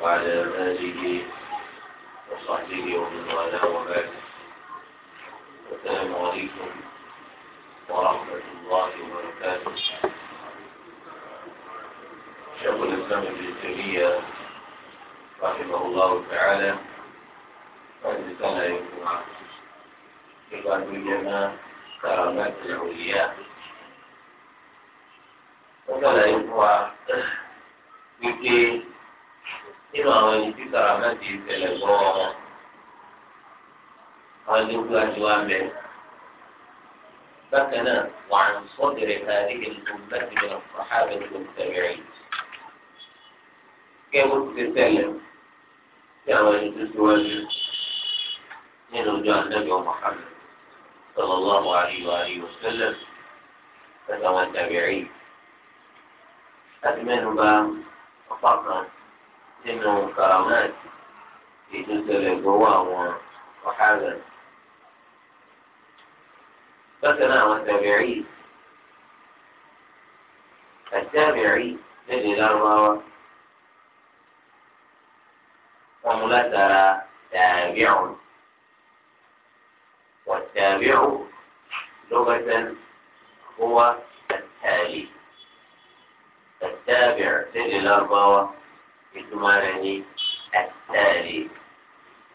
وعلى آله وصحبه ومن والاه وبعد السلام عليكم ورحمة الله وبركاته شيخ الإسلام ابن تيمية رحمه الله تعالى قد كان يجمع يقال بجمع كرامات العلياء وكان يجمع يجي nínú àwọn ẹni tí kàràmẹ́tì ìṣẹ̀lẹ̀ gbọ́ wọn àwọn ẹni tó aṣọ wa bẹ̀. bákan náà wà á sọ́dẹ̀rẹ̀ tàbí ìlú láti lọ sàhábẹ̀ tó tẹ̀lé. kẹ́wọ́ ti karameti isele gbo tẹ̀lé tí àwọn ẹni tó tele ti se ti awon eni ninu ojo láti mẹ́nu bà ọ̀pá kan. nínú karamáàtì ìdúntẹ̀lẹ̀ gbowó àwọn ọ̀hádà. Bákan náà àwọn tàbírí àtàbírí lédè lárúbáwá wọn mú látara tàbíọ̀n wọ̀tàbíọ̀n lọ́gọ́tàn هو التالي التابع للأربعة ìtumọ̀ rẹ̀ ní ẹ̀ẹ́dẹ́rì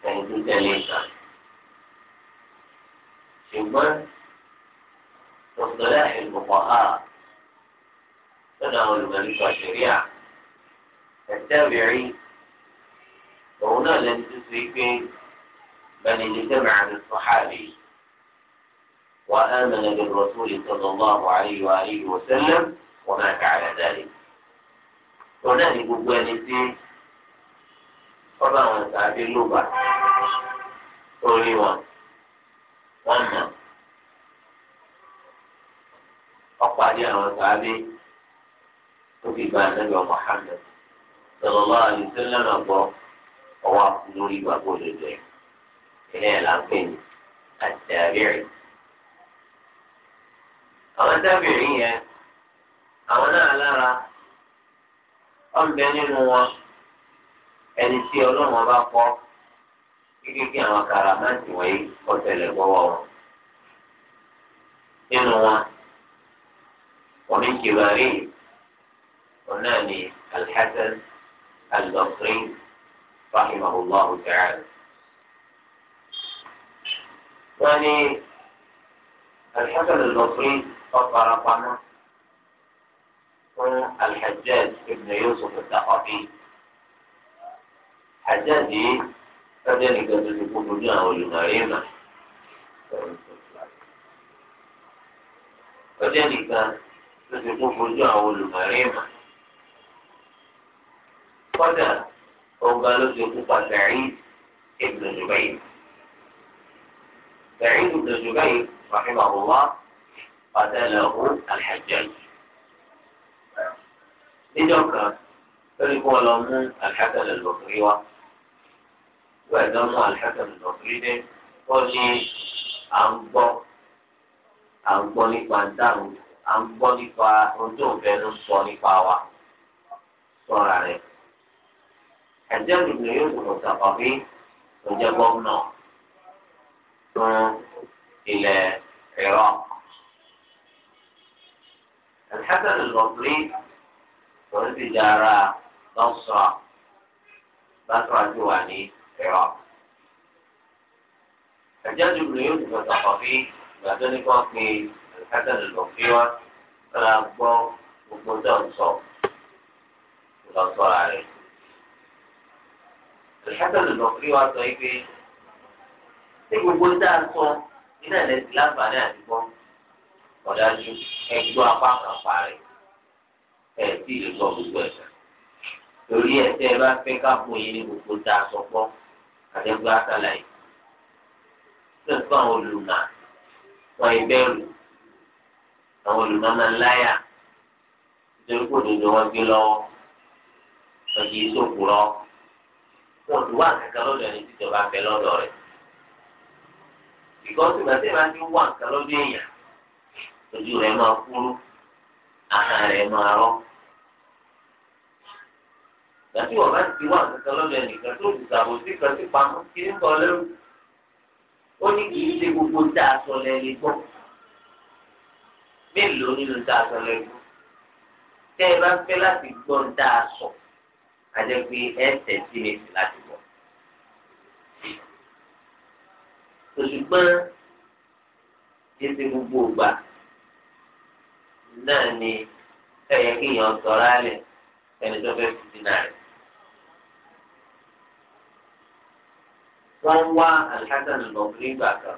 ẹ̀ẹ́dúntẹ̀lé kan. ṣùgbọ́n ọ̀sọ̀lá ìgbọ̀pọ̀ ha lọ́dọ̀ àwọn olùmọ̀lẹ́kọ̀ọ́ ṣẹ̀ríà ẹ̀ẹ́dẹ́rì òun náà lẹ́nu tó وآمن بالرسول صلى الله عليه وآله وسلم ومات على ذلك òun náà ní gbogbo ẹni tí ọba àwọn tàbí lóba orí wọn wọn mọ ọpàdé àwọn tàbí òbí gba ànágbà Muhammad sọlọlọ àdìsẹlẹ náà gbọ ọwọ́ akúlórí ìgbàgbọ́ òdodo ẹ ilé ẹ láńpẹ ní àtẹrẹrẹ àwọn tábìrì yẹn àwọn náà lára. ọ̀nbẹ nínú wọn ẹni tí ọlọ́run ọba kọ́ kíkíkí àwọn karamáǹtì wọ̀nyí ọ̀tẹlẹ̀ gbọ́wọ́ wọn. nínú wọn wọn ní kibari wọn náà ní alhassan albasri rahimahullahu ta'ala. wọn ní alhassan albasri ọ̀farapamọ́. الحجاج بن يوسف الثقفي حجاجي فدني قد يكون هنا ويغارينا فدني قد يكون هنا ويغارينا فدا وقالوا يكون سعيد ابن جبير سعيد بن جبير رحمه الله قتله الحجاج níjọ́ kan lórí kí wọ́n lọ mú Al-Hasan Al-Basri wá wọ́n ẹ̀dọ́ mú Al-Hasan Al-Basri dé wọ́n ní à ń gbọ́ à ń gbọ́ nípa dáhùn à ń gbọ́ nípa ohun tó ń sọ nípa wa sọ́ra rẹ̀ ẹ̀jẹ̀ nìyẹn yóò gbọ́dọ̀ sàkọ́bí ọjọ́ gómìnà fún ilẹ̀ Iraq Al-Hasan Al-Basri tòun sì jẹ́ ara lọ́sọ̀rọ̀ lọ́sọ̀rọ̀ ti wà ní ẹ̀rọ. àjọjù ló yóò dùn sọ̀kọ̀ bí ìgbà tó ní kí wọ́n pe àkàtà lọ́lọ́ fi wá lọ́la gbọ́ gbogbo tó ń sọ lọ́sọ̀rọ̀ rẹ̀. àkàtà lọ́lọ́ fi wá sọ pé ṣé gbogbo dáa sọ iná ẹ̀lẹ́sìn láǹfààní àdúgbò ọ̀dájú ẹgbẹ́ apá kan parí ẹ̀ tí ì lọ gbogbo ẹ̀ torí ẹ̀ tẹ́ ẹ bá fẹ́ ká fún yín ní gbogbo tá a sọ pọ́ àdẹ́gbẹ́ àtàlàyé sẹ́kọ̀ àwọn olùmọ̀ wọn ìbẹ̀rù àwọn olùmọ̀ máa ń láyà nítorí kò dodo wọn gbé lọ́wọ́ wọn kì í sòkù lọ wọn tó wà kankan lọ́dọ̀ ẹni tìjọba fẹ́ lọ́dọ̀ rẹ̀ ìkọ́sí ìgbà tí wà kankan lọ́dọ̀ èèyàn ojú rẹ̀ máa kúrú àhàn rẹ̀ máa rọ́. Gbàtí wọ́n bá ti wà nǹkan lọ́dọ̀ ẹnìkan tó ti sàbòsí kan sí pamọ́ kí ń bọ̀ lẹ́rù. Ó ní kì í ṣe gbogbo tá a sọ lẹ́ni gbọ́. Mélòó nínú tá a sọ lẹ́nu? Tẹ́ ẹ bá fẹ́ láti gbọ́ ń tá a sọ, a jẹ́ pé ẹ tẹ̀sí mi sí láti gbọ́. Òṣùgbọ́n ètò gbogbo ògbà. náà ni ẹ̀yẹ kí èèyàn sọ̀rọ̀ alẹ̀ ẹni tó fẹ́ fi dínà rẹ̀. wọ́n wá alhassan lọ́gbìn gbà kan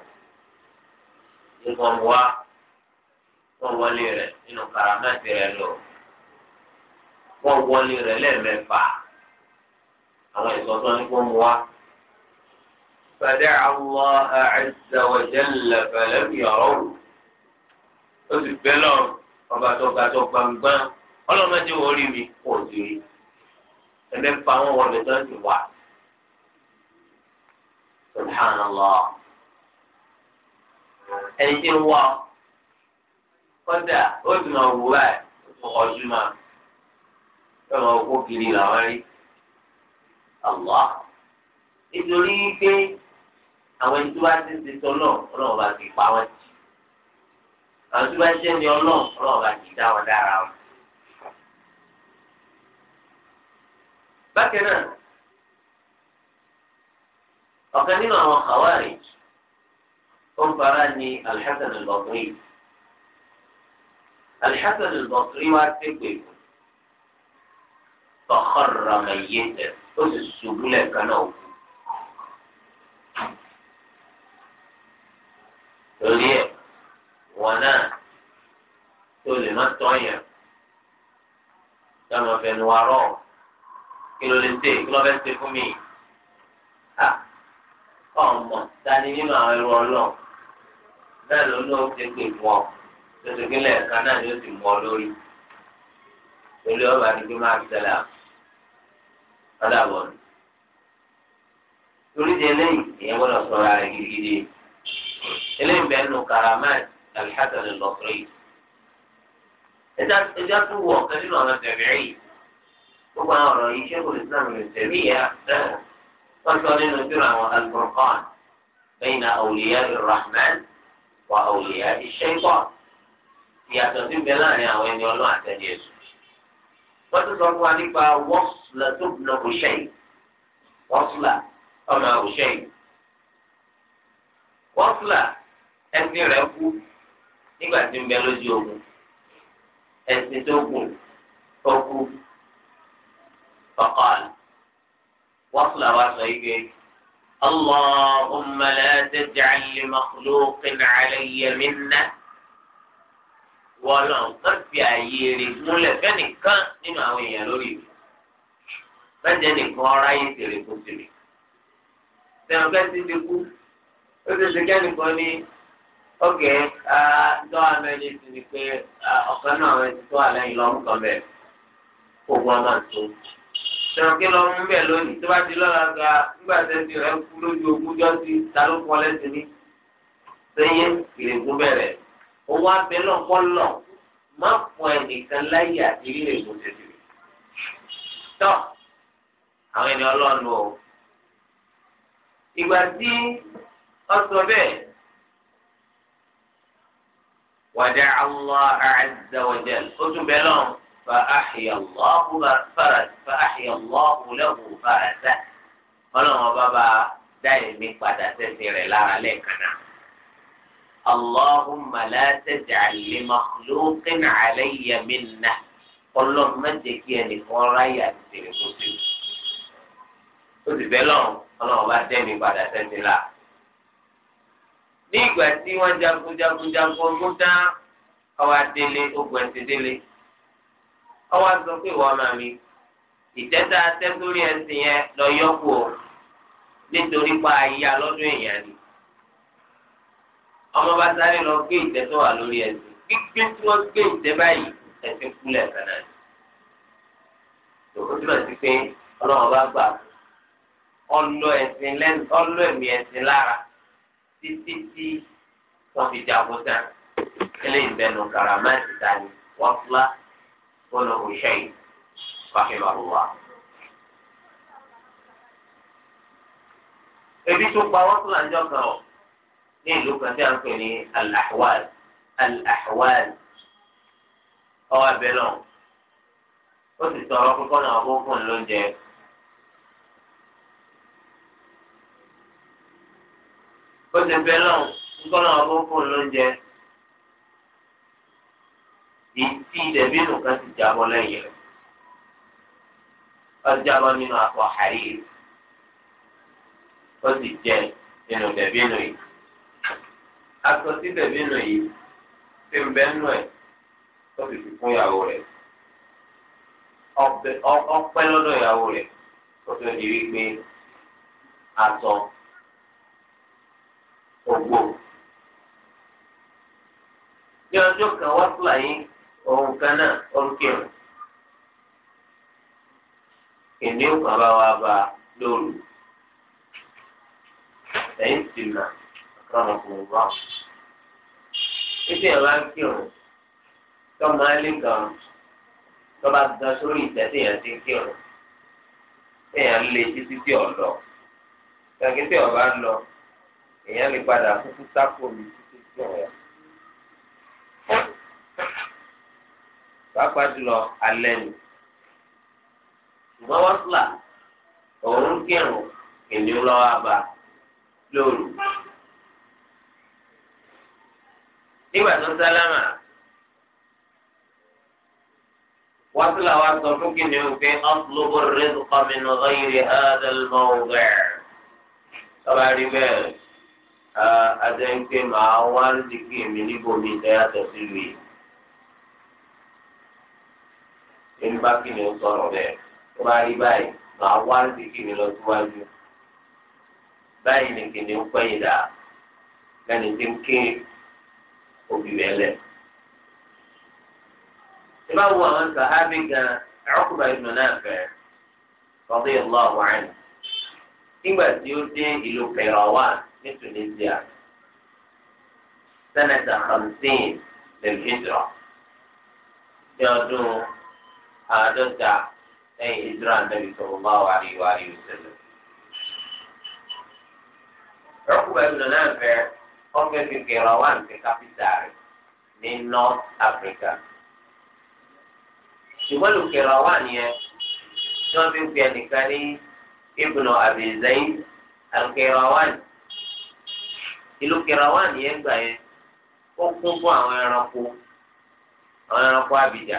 ní wọ́n wá wọ́n wọlé rẹ̀ nínú karamẹ́tì rẹ̀ lọ. wọ́n wọlé rẹ̀ lẹ́ẹ̀mẹ́fà àwọn ìsọ̀tún ní kó mu wá. فدعا الله عز وجل فلم يروه. قلت بلون ọba tó ga tó gbangba ọlọ́mọdé wo rí mi kò sí rí ẹgbẹ́ ń pa àwọn wọlé tó ti wà. subhanallah ẹni tí ń wọ kọ́dà ó ti máa wù báyìí ọ̀ṣun máa yóò máa kó kiri làwọn rí. Allah nítorí pé àwọn ẹni tó bá ti ti sọ náà ọlọ́run ti pa wọ́n ti. àwọn tí wọ́n ṣe ní ọlọ́run ọlọ́run bá ti dá wọn dára wọn. bákan náà ọ̀kan nínú àwọn Khawarij ó ń fara ni alhassan al-Basri bakri alhassan wá bakri fún sí pé oko mẹ́yẹ́ tẹ̀ ó sì ṣubú lẹ́ẹ̀kan náà tọ́ yẹn yọmọ fẹnu wa rọ kí ló lè ṣe kí ló fẹ́ ṣe fún mi ha ọmọ tani nínú àwọn ẹrú ọlọ́ọ̀ náà ló ló ti pè fún ọ tuntun lẹ́ẹ̀kan náà ni ó sì mú ọ lórí olú ọba ni kí máa ṣẹlẹ̀ ọ̀dà torí di eléyìí èèyàn gbọ́dọ̀ sọ̀rọ̀ rẹ̀ gidigidi eléyìí bẹ́ẹ̀ nù karamat alḥasan al-basri ẹja tó wọ ọ̀kan nínú àwọn tẹ̀míì gbogbo àwọn ọ̀rọ̀ yìí ṣẹ́kù islam rẹ̀ tẹ̀mí yá wọ́n sọ nínú jùlọ àwọn al-Furqan bayna awliya ar-Rahman wa awliya ash-Shaytan ìyàtọ̀ tí ń bẹ láàrin àwọn ẹni ọlọ́run ẹ̀sìn tó gùn tó kú fọkàn wọ́pùlà wa sọ yìí gbé. اللهم لا تجعل لمخلوق علي منه wọlọ́n kan fi ààyè rẹ̀ múlẹ̀ fẹ́nìkan nínú àwọn èèyàn lórí mi bẹ́ẹ̀ nìkan ọ̀rá yìí tèrè kó tèrè sẹ́wọ̀n kẹ́sì ti kú ó ti ṣe kẹ́nìkan ní ọ̀gẹ́ tọ́ abẹ́lé ti ni pé ọ̀kan náà rẹ̀ ti tó àlẹ́yìn lọ́mú kan bẹ́ẹ̀ kó gbọ́n máa tó. sọ̀rọ̀ kí lọ́mú bẹ́ẹ̀ lónìí tó bá ti lọ́la ga nígbà tẹ́sí rẹ̀ kú lójú ogúnjọ́ sí ta ló kọ́ lẹ́sìn ní. sẹ́yìn ìrègùn bẹ̀rẹ̀ owó abẹ́ náà kọ́ lọ má fún ẹnìkan láyé àti rí ìrègùn tẹ̀sí. tọ́ àwọn ènìyàn ọlọ́run o ìgbà tí ọ sọ bẹ́ẹ̀ ودعا الله عز وجل قلت بلهم فأحيا الله فرد فأحيا الله له فرده ọlọ́run bàbá dáìmí padà sẹ́sìn rẹ̀ lára lẹ́ẹ̀kan اللهم لا تجعل لمخلوق علي منة قل má jẹ́ kí ẹnìkan ráyà tèrè kó sí. ó sì bẹ́ẹ̀ lọ́run ọlọ́run bá dẹ́mi ní ìgbà tí wọ́n jagun jagun jagun ọdún dán ọwọ́ adélé ogun ẹ̀sìn délé ọwọ́ sọ pé ìwọ ọmọ mi ìtẹ́tà tẹ́tórí ẹ̀sìn yẹn lọ yọkù o nítorí pa àyà lọ́dún èèyàn ni ọmọ bá sáré lọ gbé ìtẹ́ tó wà lórí ẹ̀sìn gbígbé tí wọ́n gbé ìtẹ́ báyìí ẹ̀sìn kúlẹ̀ kànáà ni òtún àti pé ọlọ́run bá gbà ọlọ́ ẹ̀sìn lẹ́nu ọlọ́ ẹ̀mí ẹ̀sìn lára títí tí wọ́n fi jagun tán eléyìí bẹnu karamáàtì tani wọ́n fúlá wọ́n ò ṣe é fàkìlọ́wọ́. ebi tó pa wọ́n fúlà ń jọ kan ọ̀ ní ìlú kan tí a ń pè ní al-ahwal ọwọ́ abẹ náà ó sì sọ ọ́ pé kọ́nà ọgbọ́n fún lóúnjẹ. ó ti bẹ náà nígbà náà ó fún un lóúnjẹ ìtì ìdẹ̀bí nù kan ti jábọ́ lẹ́yìn rẹ̀ ó jábọ́ nínú àpò àárí rẹ̀ ó sì jẹ nínú dẹ̀bí nù yìí aṣọ tí dẹ̀bí yìí ti ń nù ẹ̀ ó sì fi fún ìyàwó rẹ̀ ọpẹ́ lọ́dọ̀ ìyàwó rẹ̀ ó tó di wípé aṣọ ògbò. ní ọjọ́ kan wá fúlàní òun kan náà ọ̀rùkẹ́rù kìnìún kan bá wá bá lóru ẹ̀yìn sì mà kọ́nà kò wá. títí ẹ̀ bá ń kírun tọ́mọ alẹ́ kan tọ́ba gan sórí ìtẹ́sí yẹn ti ń kírun tẹ̀yàn lé títí tí ọ̀ lọ. tàkìtì ọ̀bá lọ èèyàn lè padà kúkú sáko mi títí tí ọ̀rẹ́. pàápàá jùlọ alẹ́ ni ṣùgbọ́n wọ́n fìlà òun kírun kìnìún lọ́wọ́ abà lóru. nígbà tó sálámà wọ́n fìlà wa sọ fún kìnìún pé ọ̀pọ̀lọpọ̀ rẹ̀ ń kọ́ mi nù ọ̀yẹ̀rẹ̀ ẹ̀ẹ́dẹ̀lmọ́wẹ̀. tọ́ba rí bẹ́ẹ̀. Ada ń pé màá wá rìsíkì mi níbòmí ẹ̀ yàtọ̀ sílùú yìí. ni ó sọ̀rọ̀ bẹ́ẹ̀ tó bá rí báyìí màá wá rìsíkì ni kìnìún ń pẹ́yìn dà lẹ́ni tí ń ké òbí rẹ̀ lẹ̀. Uqba ibn Nafi radiyallahu anhu ní Tunisia sẹ́nẹ̀tà hamsin lẹ́lẹ́dìrọ̀ ní ọdún àádọ́ta lẹ́yìn ìdúrà nàbì sallallahu alaihi wa alihi wasallam. Uqba ibn Nafi ọ̀gbẹ́ fi Kairouan ti kápítà rẹ̀ ní North Africa. ṣùgbọ́n lu Kairouan yẹn tí wọ́n fi ń pè ẹnìkan ní ibùnà Abi Zayd al-Kairouan. ìlú kẹrawáàní yẹn gbà yẹn ó kún fún àwọn ẹranko àwọn ẹranko àbìjà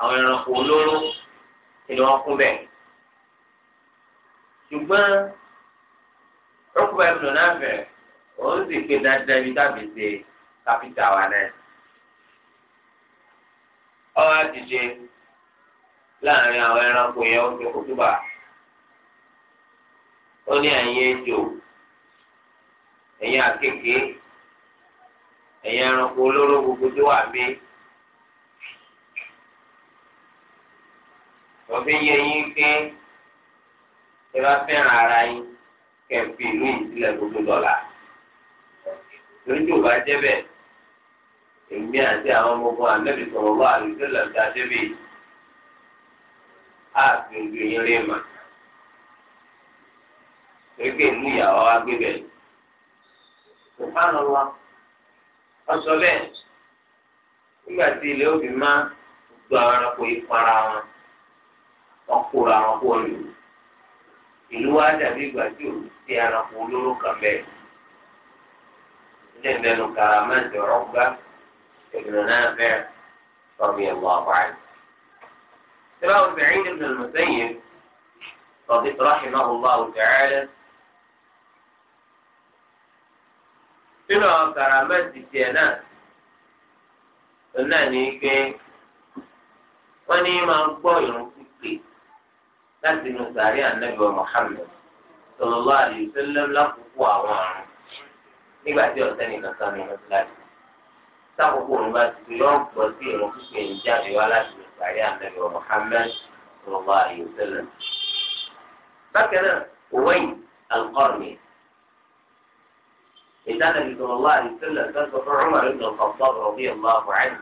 àwọn ẹranko olóró ìlú wọn kún bẹ́ẹ̀ ṣùgbọ́n rọpò ẹbùnú náà fẹ òun sì pé dáadáa ibi tábì ṣe kápítà wa náà ọwọ́ àtijọ́ láàrin àwọn ẹranko yẹn ó ti kó túbà ó ní àyè ètò. ẹ̀yin akeke, ẹ̀yin ẹranko olóró gbogbo tó wà mí. wọ́n fi yẹ yín pé ẹ ara yín kẹ̀m̀pì ìlú ìsílẹ̀ gbogbo dọ̀là. torí tí bá èmi àti àwọn ọmọọmọ ànábì sọ̀rọ̀ wá àlùsílẹ̀ ọ̀dà ààfin mà. ìlú ìyàwó subhanallah ọsọ bẹ́ẹ̀ nígbà tí ilé òbí má gbogbo àwọn ẹranko ìpara wọn wọn kóra wọn kó lù ìlú wa dàbí ìgbà tí òbí ti ẹranko olóró kan bẹ́ẹ̀ nínú àwọn karamẹ́ǹtì tiẹ̀ náà òun náà ní pé wọ́n ní máa ń gbọ́ ìrun pípé láti inú sàárẹ̀ ànábì Muhammad sallallahu alaihi wasallam lákòókò àwọn àrùn nígbà tí ọ̀sẹ̀ nìkan kan ní mọ́tíláṣí sákòókò òun bá ti yọ ọ̀pọ̀ sí ìrun pípé ń jáde wá láti inú sàárẹ̀ ànábì Muhammad sallallahu alaihi bákan náà òwe yìí alukọ́rùn-ún إذا النبي صلى الله عليه وسلم كان عمر بن الخطاب رضي الله عنه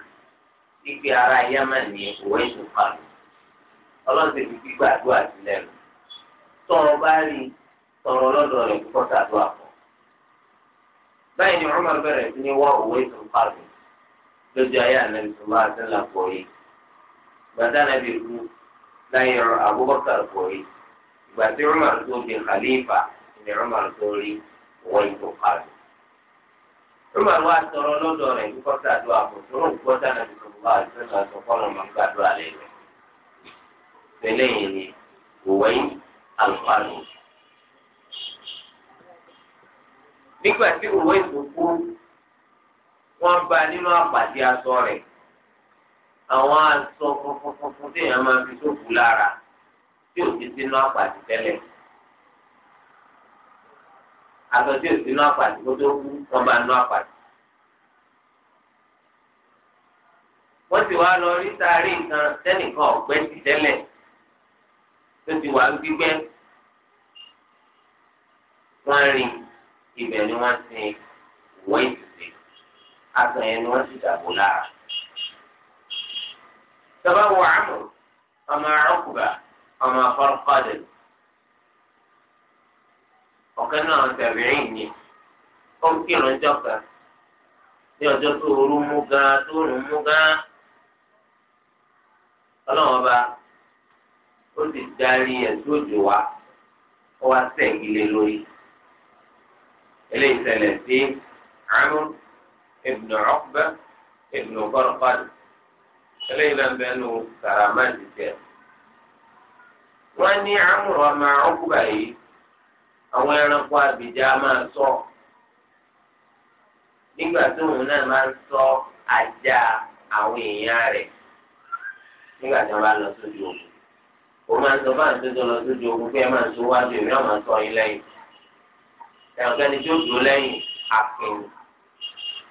ipe ara yemen ní òwe ìṣùpàlù ọlọ́run ti fi gbígbà àdúrà sí lẹ́nu tọrọ bá rí tọrọ lọ́dọ̀ rẹ̀ kó kọ́ta àdúrà pọ̀ báyìí ni Umar bẹ̀rẹ̀ sí ní wọ́ òwe ìṣùpàlù lójú ayé ànábi tó máa sẹ́là pọ̀ yìí gbàdá ànábi kú láyé Abubakar pọ̀ yìí ìgbà tí Umar tó di khalifa ni Umar tó rí òwe ìṣùpàlù. Umar wa sọ̀rọ̀ lọ́dọ̀ rẹ̀ kíkọ́ sàdúrà kò sọ̀rọ̀ kíkọ́ sàdúrà kò sọ̀rọ̀ àìsàn àti ọ̀pọ̀lọ̀ máa ń gbàdúrà lé rẹ̀. Pẹ̀lẹ́ yìí ni òwe àlùfáàlù. Nígbà tí òwe ìsòkú wọ́n bá nínú àpàdé aṣọ rẹ̀, àwọn aṣọ funfun funfun téèyàn máa fi sóògùn lára tí ò ti sínú àpàdé tẹ́lẹ̀ aṣọ tí ò sínú àpàtì kó tó kú wọn bá nú àpàtì. wọ́n ti wá lọ rí sáré nǹkan sẹ́nìkan ọ̀gbẹ́ ti tẹ́lẹ̀ tó ti wà gbígbẹ́ wọ́n rí ibẹ̀ ni wọ́n ti wọ́n ìsìn aṣọ yẹn ni wọ́n ti dàbò lára. sábà wọ àmọ̀ ọmọ àrọ́kùbà ọmọ afọ́rọ́kọ́dẹ̀lù. ọ̀kan náà ń tẹ̀wé ẹ̀yìn ni ó ń kírun ọjọ́ kan ní ọjọ́ tó ooru mú gan tó oòrùn mú gan ọlọ́run ọba ó sì darí ẹ̀sùn òjò wa ó wá sẹ́yìn lé lórí eléyìí sí eléyìí náà nù jẹ wọ́n ní ọmọ yìí. àwọn ẹranko àbìjà máa sọ nígbà tí òun náà máa ń sọ ajá àwọn èèyàn rẹ̀ nígbà tí wọ́n bá lọ sójú ogun ó máa ń sọ bá ń tó lọ sójú ogun pé ẹ máa ń sọ wájú èmi náà máa ń sọ yín lẹ́yìn ẹnikẹ́ni tó dùn lẹ́yìn àpinnu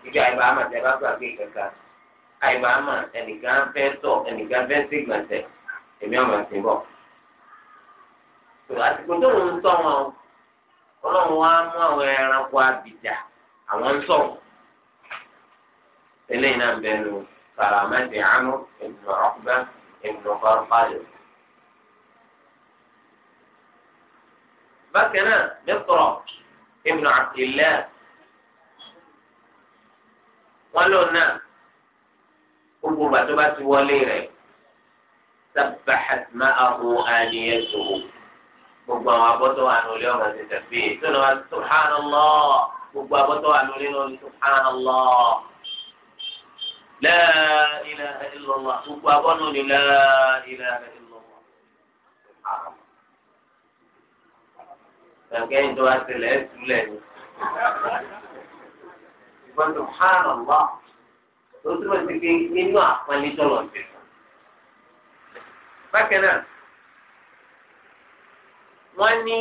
ibi àyíbá àmà tẹ bá gbàgbé kankan àyíbá àmà ẹnìkan fẹ́ tọ̀ ẹnìkan fẹ́ sígbọ̀nsẹ̀ èmi àwọn àti bọ̀. àsìkò tó ń tọ́ wọn ọlọ́run wá mú àwọn ẹranko abìjà àwọn ń sọ̀rọ̀ eléyìí náà bẹ́ẹ̀ ló karamẹ́tì àánú ìdùnnú ọ̀gbẹ́ ìdùnnú fọ́nfàlẹ̀. bákan náà mẹ́tọ̀rọ̀ ìdùnnú àtìlẹ́ wọn lò náà gbogbo bàtọ́ bá ti wọlé rẹ̀ máa àyè sábàḥàtìmáàhù àníyẹ́sọ̀rọ̀. gbogbo àwọn abọ́tọ̀ wà ní olè ọmọ ti tẹ̀fé tó lọ́wọ́ subhanallah gbogbo abọ́tọ̀ wà ní olè ní olè subhanallah la ilaha illallah gbogbo abọ́tọ̀ ní la ilaha illallah. Ẹ̀kẹ́ yìí tó wá sílẹ̀ ẹ̀ sílẹ̀ ni. Ìgbọ́n subhanallah tó túbọ̀ sí pé nínú àpọ́nlé lọ sí. Bákan náà wọ́n ní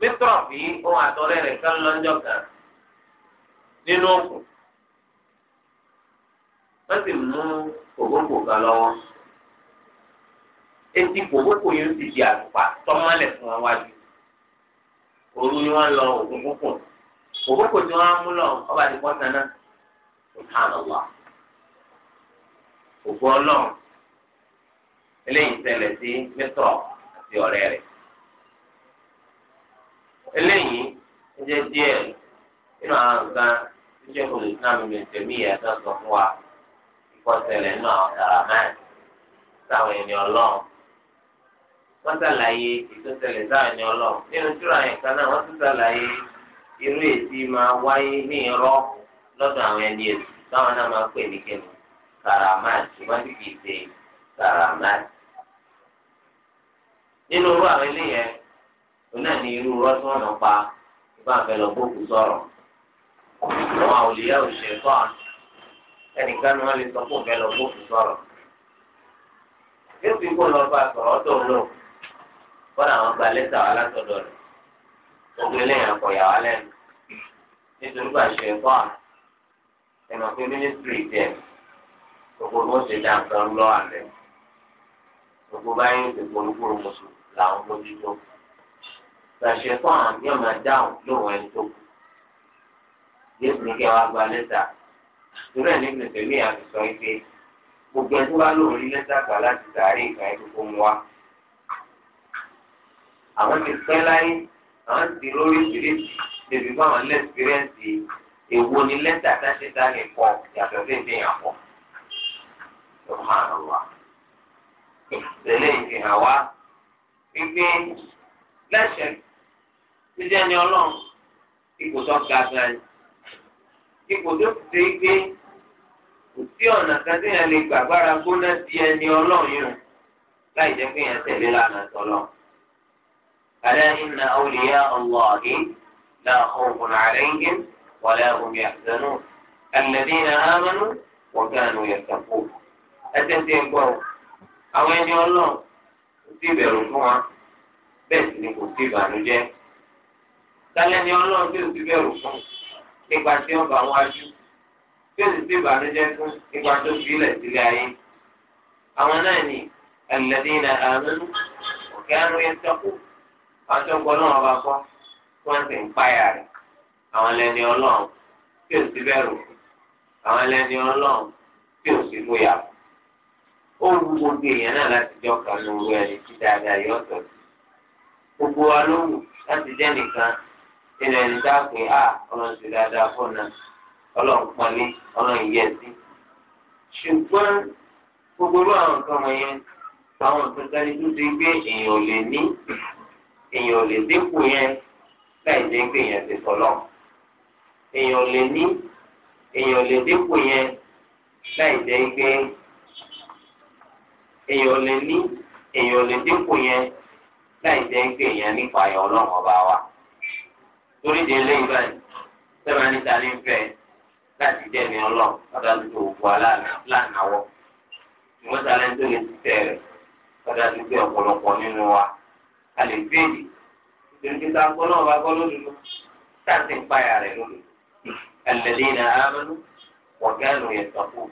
mítrọ̀ bí ohun àtọ̀rẹ́ rẹ̀ kan lọ́jọ́ kan nínú òkú wọ́n sì mú kòkókò kan lọ́wọ́ etí kòkókò yìí ti di àtùpà tọ́mọ́lẹ̀ fún wọn wájú òru ni wọ́n lọ òkun púpọ̀ kòkókò tí wọ́n á mú lọ ọba ti pọ́ sanná subhanallah òkú ọlọ́run eléyìí ṣẹlẹ̀ sí mítrọ̀ àti ọ̀rẹ́ rẹ̀. eléyìí ń jẹ́ díẹ̀ nínú àwọn nǹkan tí ṣe kò lè tún àmì sọ fún wa ìkọsẹlẹ nínú àwọn karamáì sáwọn ènìyàn Ọlọ́run wọ́n ṣàlàyé ìtòsẹlẹ sáwọn ènìyàn Ọlọ́run nínú tíra ẹ̀ka náà tún irú èsì máa wáyé ní àwọn ẹni náà máa pè ní kẹmí oná ní irú rọ́tíwọ́nà pa ìbá àfẹ lọ gbókù sọ̀rọ̀ àwọn àwòlíyá òṣèré kọ́ ẹnìkan ni wọ́n lè sọ fún ìfẹ́ lọ gbókù sọ̀rọ̀ yóò fi kó lọ bá sọ̀rọ̀ tó ń lò fọ́nà àwọn gba lẹ́tà wa látọ̀dọ̀ rẹ̀ gbogbo eléyàn kọ̀ yà wá lẹ́nu nítorí bá ṣe kọ́ à ẹ̀mọ̀ mínísítírì tẹ̀ gbogbo bó ṣe dá nǹkan lọ́ àlẹ́ gbogbo báyìí ń ṣe polúkúrú mọ̀ṣù làṣẹ fún yóò máa dáhùn lóhùn ẹni tó kù yéésù ní kí ẹ wá gba lẹ́tà torí ẹ̀ nígbà tẹ̀lé àti sọ pé gbogbo ẹ̀ tó wá lóhùn rí lẹ́tà gbà láti sàárè ìgbà ẹ̀ gbogbo mu wá. àwọn ti pẹ́ láyé àwọn ti lórí ìrísí bèbí fún àwọn lẹ́sìpírẹ́ǹsì èwo ni lẹ́tà táṣẹ́tà lè kọ yàtọ̀ sí ìdíyàn pọ̀. tẹ̀lé ìfihàn wa wípé lẹ́sẹ̀ títí ẹni ọlọ́run ipò tó ga gan ni ipò tó ti ṣe gbé kò sí ọ̀nà kan tí yẹn lè gbàgbára gbóná di ẹni ọlọ́run yìí láì jẹ́ pé yẹn tẹ̀lé lánàá tọ́lọ́ ala inna awliya allahi la khawfun alayhim wa la hum yahzanun alladhina amanu wa kanu yattaqun ẹsẹ̀ ti ń gbọ́ àwọn ẹni ọlọ́run kò sí ìbẹ̀rù fún wa bẹ́ẹ̀ sì ni kò sí ìbànújẹ́ tálẹ́ ni ọlọ́run tí o ti bẹ̀rù fún nípa tí ó bá wájú tí o sì ti bànújẹ́ fún nípa tó sílẹ̀ sílẹ̀ ayé àwọn náà ni alladhina amanu wa kanu yattaqun àwọn tó ń gbọ́ náà bá kọ́ wọ́n sì ń páyà rẹ̀ àwọn lẹ́ni ọlọ́run tí o ti bẹ̀rù fún àwọn lẹ́ni ọlọ́run tí o sì lóyà fún ó wu gbogbo èèyàn náà láti jọ kanu ru ẹni tí dáadáa yọ ọ̀tọ̀ gbogbo wa ló wù láti jẹ́ nìkan ilẹ̀ ní dáàpé a ah, ọlọ́run ti dáadáa fún náà ọlọ́run pọ́nlé ọlọ́run yẹ sí. ṣùgbọ́n gbogbo irú àwọn nǹkan wọ̀nyẹn àwọn nǹkan sani tó ti gbé èèyàn ò lè ní èèyàn ò lè dínkù yẹn láì jẹ́ pé èèyàn ti sọ̀lọ́ èèyàn lè ní èèyàn lè dínkù yẹn láì jẹ́ pé èèyàn lè ní èèyàn lè dínkù yẹn láì jẹ́ pé èèyàn nípa ayọ̀ ọlọ́run ọba wa torí de lé ìgbà yìí sẹ́wọ̀n ní ta ní fẹ́ láti dẹ́mi ọlọ́run ọ̀dà tó gbogbo aláàáwọ̀ ìwọ́n ta lẹ́nu tó lè ti tẹ̀ rẹ̀ ọ̀dà tó gbé ọ̀pọ̀lọpọ̀ nínú wa a lè fèèdì nítorí pé ká gbọ́ náà bá gbọ́ lódodo táàtì ń páyà rẹ̀ lódodo alladhina amanu wa kanu yattaqun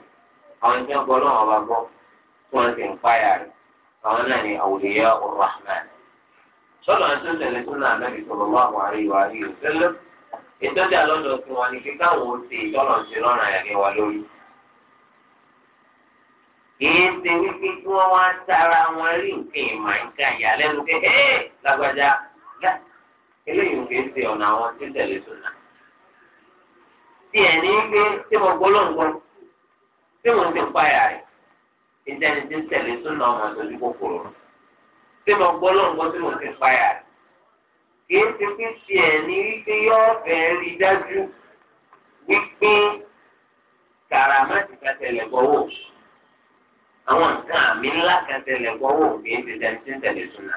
àwọn tí gbọ́ náà bá gbọ́ tí wọ́n ti ń páyà rẹ̀ àwọn náà ni lọ́dọ̀ àti tẹ̀lé tó náà lẹ́bi sọ̀rọ̀ wá àwọn àríwá àrí òṣèlú ìtọ́jú àlọ́dọ̀ tí wọ́n ní kíkà wọ́n ti ìtọ́nà ti lọ́nà ẹ̀yẹ wa lórí. kìí ṣe wípé kí wọ́n wá tara wọn rí nǹkan ìmọ̀ nǹkan ìyàlẹ́nu pé ẹ́ lágbájá gá eléyìí kìí ṣe ọ̀nà àwọn tí tẹ̀lé tó náà. tí ẹ̀ ní pé tí mo gbọ́ lọ́ngbọ́ tí mo ti payà rẹ̀ ìjẹ́ni tí tẹ̀lé tó náà mọ̀ tí mo gbọ́ lọ́nà tí mo ti payà kìí ṣe pé tiẹ̀ ní wípé yóò fẹ́ rí dájú wípé kàràmátì kàtẹ̀lẹ̀ gbọ́wọ́ àwọn nǹkan àmì ńlá kàtẹ̀lẹ̀ gbọ́wọ́ kìí ṣe dantí tẹ̀lé súnà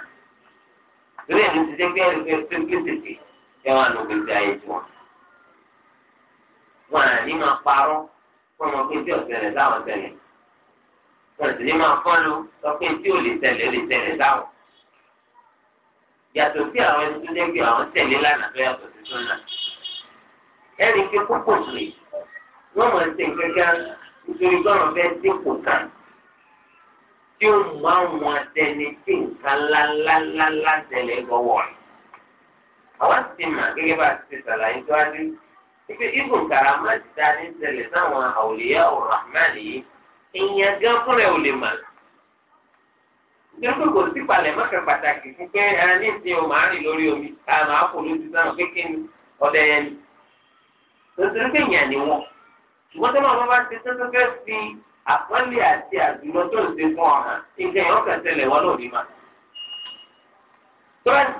torí ẹ̀mí ti dé pé ẹ̀rí pé pípísìtì ẹ̀ wà lóbi ti ayé tiwọn. wọn à ní máa parọ́ fún ọmọ pé tí ọ̀sẹ̀lẹ̀ sáwọn tẹ̀lẹ̀ wọn sì ní máa fọ́n sọ pé tí ò lè tẹ̀lé lè tẹ̀lé sáwọn yàtọ̀ sí àwọn ẹni tó dẹ́gbẹ́ àwọn tẹ̀lé lánàá tó yàtọ̀ sí súnà. ẹnì kí púpọ̀ lè wọ́n mọ̀ ṣe kankan nítorí gbọ́dọ̀ fẹ́ dínkù kan tí ó mú àwọn àtẹni tí nǹkan lálálálá tẹ̀lé gbọ́wọ́ rẹ̀. àwa ti mà gẹ́gẹ́ bá a ti ṣàlàyé síwájú wípé ibù kàràmá ti ta ní ṣẹlẹ̀ sáwọn àwòlíyá ọ̀rọ̀ àmàlì yìí ìyẹn gán fúnra ẹ̀ ò lè mà sí. nígbà kò sí palẹ̀ mọ́kẹ́ pàtàkì fún ẹran ní ìsìn o máa rìn lórí omi àrùn àpòlù ti sáà kékeré ọ̀dẹ yẹn ni. lọ́sọ̀rọ̀ pé ni wọ́n ṣùgbọ́n tó máa bá ti tó fẹ́ fi àpọ́nlé àti àdúró tó ń ṣe fún ọ wọn lónìí tó bá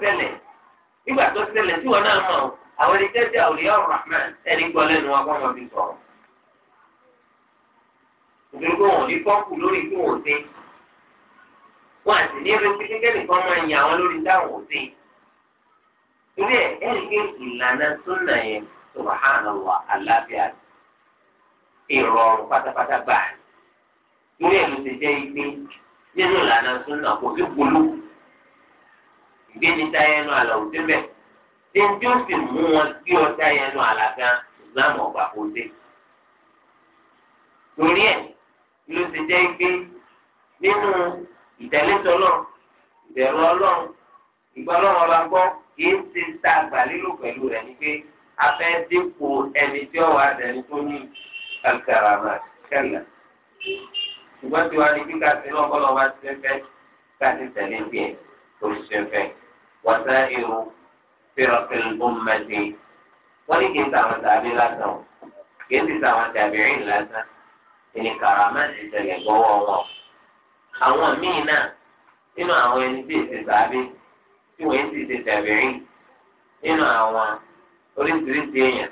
nígbà tó tí wọn náà mọ̀ àwọn ẹni àwòrán ẹni gbọ́ wọn àti ní retí kékeré nìkan máa yàn àwọn lórí dáhùn òsè torí ẹ ẹrí pé ìlànà súnà yẹn subhanallah aláfíà ìrọ̀rùn pátápátá bá a torí ẹ ló ti jẹ́ ìgbé nínú ìlànà súnà kò sí polú ìgbéni táyà ẹnu àlà òsè bẹ́ẹ̀ tí n tí sì mú wọn gbé ọ táyà ẹnu àlà gan islam ọgbà kò torí ẹ ló ti jẹ́ ìgbé nínú ìtẹ̀lé tọ́lọ̀ ìbẹ̀rù ọlọ́run ìgbọ́lọ́run ọba gbọ́ kìí ṣe tá a gbà lílò pẹ̀lú rẹ̀ ni pé a fẹ́ dípò ẹni tí ọwọ́ àtẹni tó ní kàkàràmà kẹlẹ̀. ṣùgbọ́n tí wàá di kíkà sí lọ́kọ́lọ́ ọba ti fẹ́ fẹ́ ká ti tẹ̀lé bí ẹ̀ tó ti fẹ́ fẹ́ wàtá irú fírọ̀fìl ọmọdé wọ́n ní kí n tàwọn tàbí lásán kì í ti tàwọn tàbí rìn lásán ìní kàràmà ti tẹ̀lé gbọ́wọ́ wọn àwọn míì náà nínú àwọn ẹni tí èsì sàbí tí wọ́n ti ṣe tẹ̀bẹ̀rì nínú àwọn oríṣiríṣi èèyàn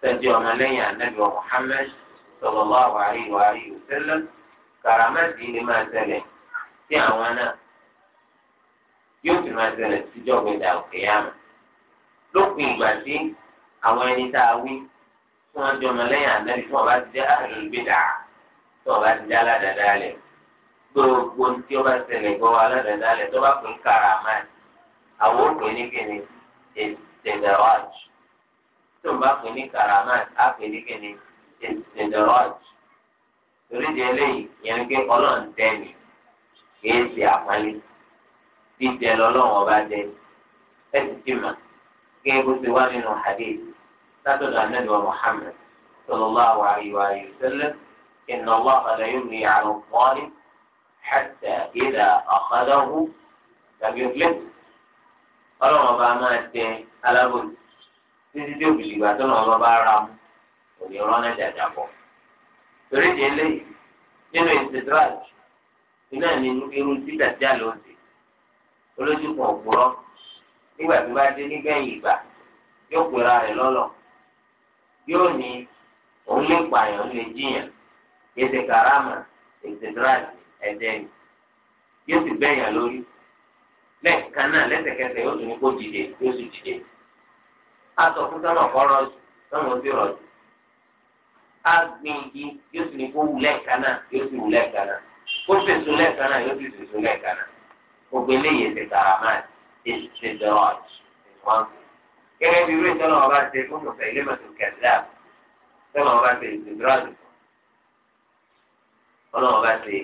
tẹ̀jú ọmọlẹ́yìn ànábì wa Muhammad sallallahu alaihi wa alihi wa sallam kàràmẹ́sì ni máa ṣẹlẹ̀ sí àwọn náà yóò sì máa ṣẹlẹ̀ síjọ́ gbẹ̀dà òkè yàmù lópin ìgbà tí àwọn ẹni tá a wí tí wọ́n jọ ọmọlẹ́yìn ànábì tí ti jẹ́ àlùbídà tí wọ́n bá ti jẹ́ aládàáda lẹ̀ gbogbo tí ó bá ṣẹlẹ̀ gbọ́ aládàndalẹ̀ tó bá pè ń kára máa àwọn òpè ní kíni ìṣẹ̀dẹ̀rọ̀j tó bá pè ní kára máa á pè ní kíni ìṣẹ̀dẹ̀rọ̀j torí di eléyìí yẹn ké ọlọ́run tẹ́mi kìí ṣe àpọ́nlé dídẹ lọ́lọ́run ọba dẹ ẹ sì ti mà kí ti wá nínú hadith látọ̀dọ̀ anábì wa Muhammad sallallahu alaihi wa sallam inna Allah la yumli ala hàtà ìdá ọ̀kadàhù tàbí ọ̀flẹ́tì ọlọ́run ọba máa tẹ alábòlù títí tí òbí ìgbà tó lọ́wọ́ bá ra mu òní rọ́nà jàjà bọ̀. torí ti eléyìí nínú ìsìtìráàj iná ní irú títà tí a lò sí olójú kan òpùrọ́ nígbà tó bá dé nígbẹ̀yìn ìgbà yóò pera rẹ̀ lọ́lọ́ yóò ní òun lè pààyàn lè jiyàn ètè kàrámà ìsìtìráàj ẹ̀dẹ́ yìí yóò sì gbẹ̀yà lórí lẹ́ẹ̀kan náà lẹ́sẹ̀kẹsẹ̀ yóò tún ní kó dìde yóò sì dìde á sọ fún sọ́nà kọ́ rọ́ọ̀sì sọ́nà ó sì gbin igi yóò sì ní kó wù lẹ́ẹ̀kan náà yóò sì wù lẹ́ẹ̀kan náà kó sèso lẹ́ẹ̀kan náà yóò sì sèso lẹ́ẹ̀kan náà gbogbo eléyìí gẹ́gẹ́ bí irú ìtọ́nà ọba ṣe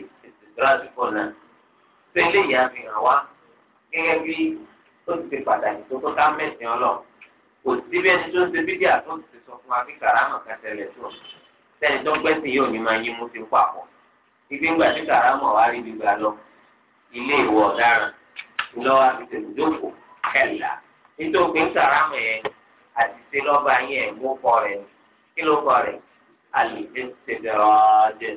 lásìkò náà tẹ́lẹ̀ yìí àfihàn wa gẹ́gẹ́ bí ó ti pàtàkì tó kọ́ká mẹ́sìn ọlọ o sí bí ẹni tó ń ṣe bídíà tó ti sọ fún wa bí kàrámà kan tẹ̀lé tó sẹ́ni tó gbẹ́sìn yóò ní máa yín mú sí pàpọ̀ ibi ń gbà tí kàrámà wà rí gbígbà lọ ilé ìwọ ọ̀daràn lọ́wọ́ àfihàn ìjókòó kẹlà nítorí pé kàrámà yẹn àti ṣe lọ́ba yẹn mú kọ rẹ̀ kí ló kọ rẹ̀ àlè ṣe ṣe bẹ̀rọ̀ ọ̀dẹ̀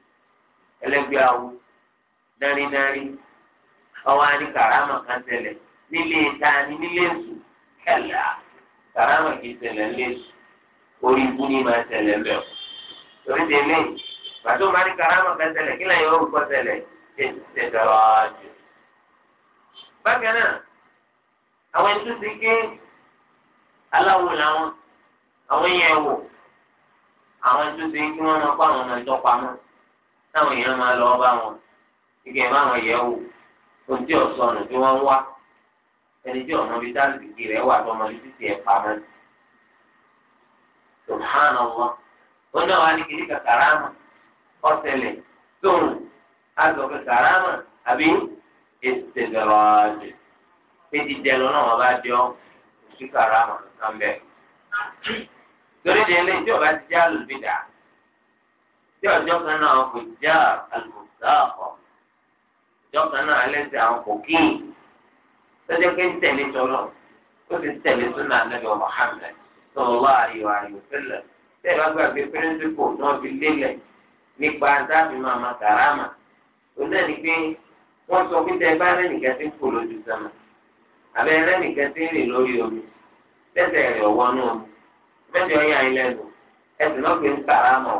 ẹlẹ́gbẹ́ awo nárínárí ọwọ́ karama kan tẹ̀lẹ̀ nílé ìtaani nílé karama kì í tẹ̀lẹ̀ nílé èso orí ibú ni máa o torí de pàtó máa ní karama kan tẹ̀lẹ̀ kí lẹ́yìn orúkọ tẹ̀lẹ̀ tẹ̀tẹ̀rọ̀ àjò. bákan náà àwọn ẹni ti gé aláwo làwọn àwọn yẹn wò àwọn ti gé wọn máa táwọn èèyàn máa lọ bá wọn kíkẹ́ bá wọn yẹ̀ wò ohun tí ọ̀sán ọ̀nà tí wọ́n ń wá ẹni tí ọ̀nà bíi dáàbìkì rẹ̀ wà lọ́mọ ní títì ẹ̀ pamọ́. subhanallah ó náà wá ní kìlíkà kàrámà ọ̀sẹ̀lẹ̀ tóun azọ̀kẹ́ kàrámà àbí ìsèdèrọ̀ọ̀dì pé jíjẹ náà wọ́n bá jọ sí kàrámà kankan bẹ́ẹ̀. torí de ilé ìjọba ti jẹ́ àlùbídà. tí ọjọ́ kan náà kò já àlùkòsá ọjọ́ kan náà alẹ́sẹ̀ àwọn kò kí sọ́jọ́ pé ń tẹ̀lé tọ́lọ̀ ó tẹ̀lé súnà anábẹ́ Muhammad sọ̀rọ̀ àríwá àríwá sílẹ̀ tẹ́ ẹ bá gbàgbé píríncípù náà fi lélẹ̀ nípa dábì ó náà ní pé wọ́n sọ pé bá rẹ́nìkan ti ń kó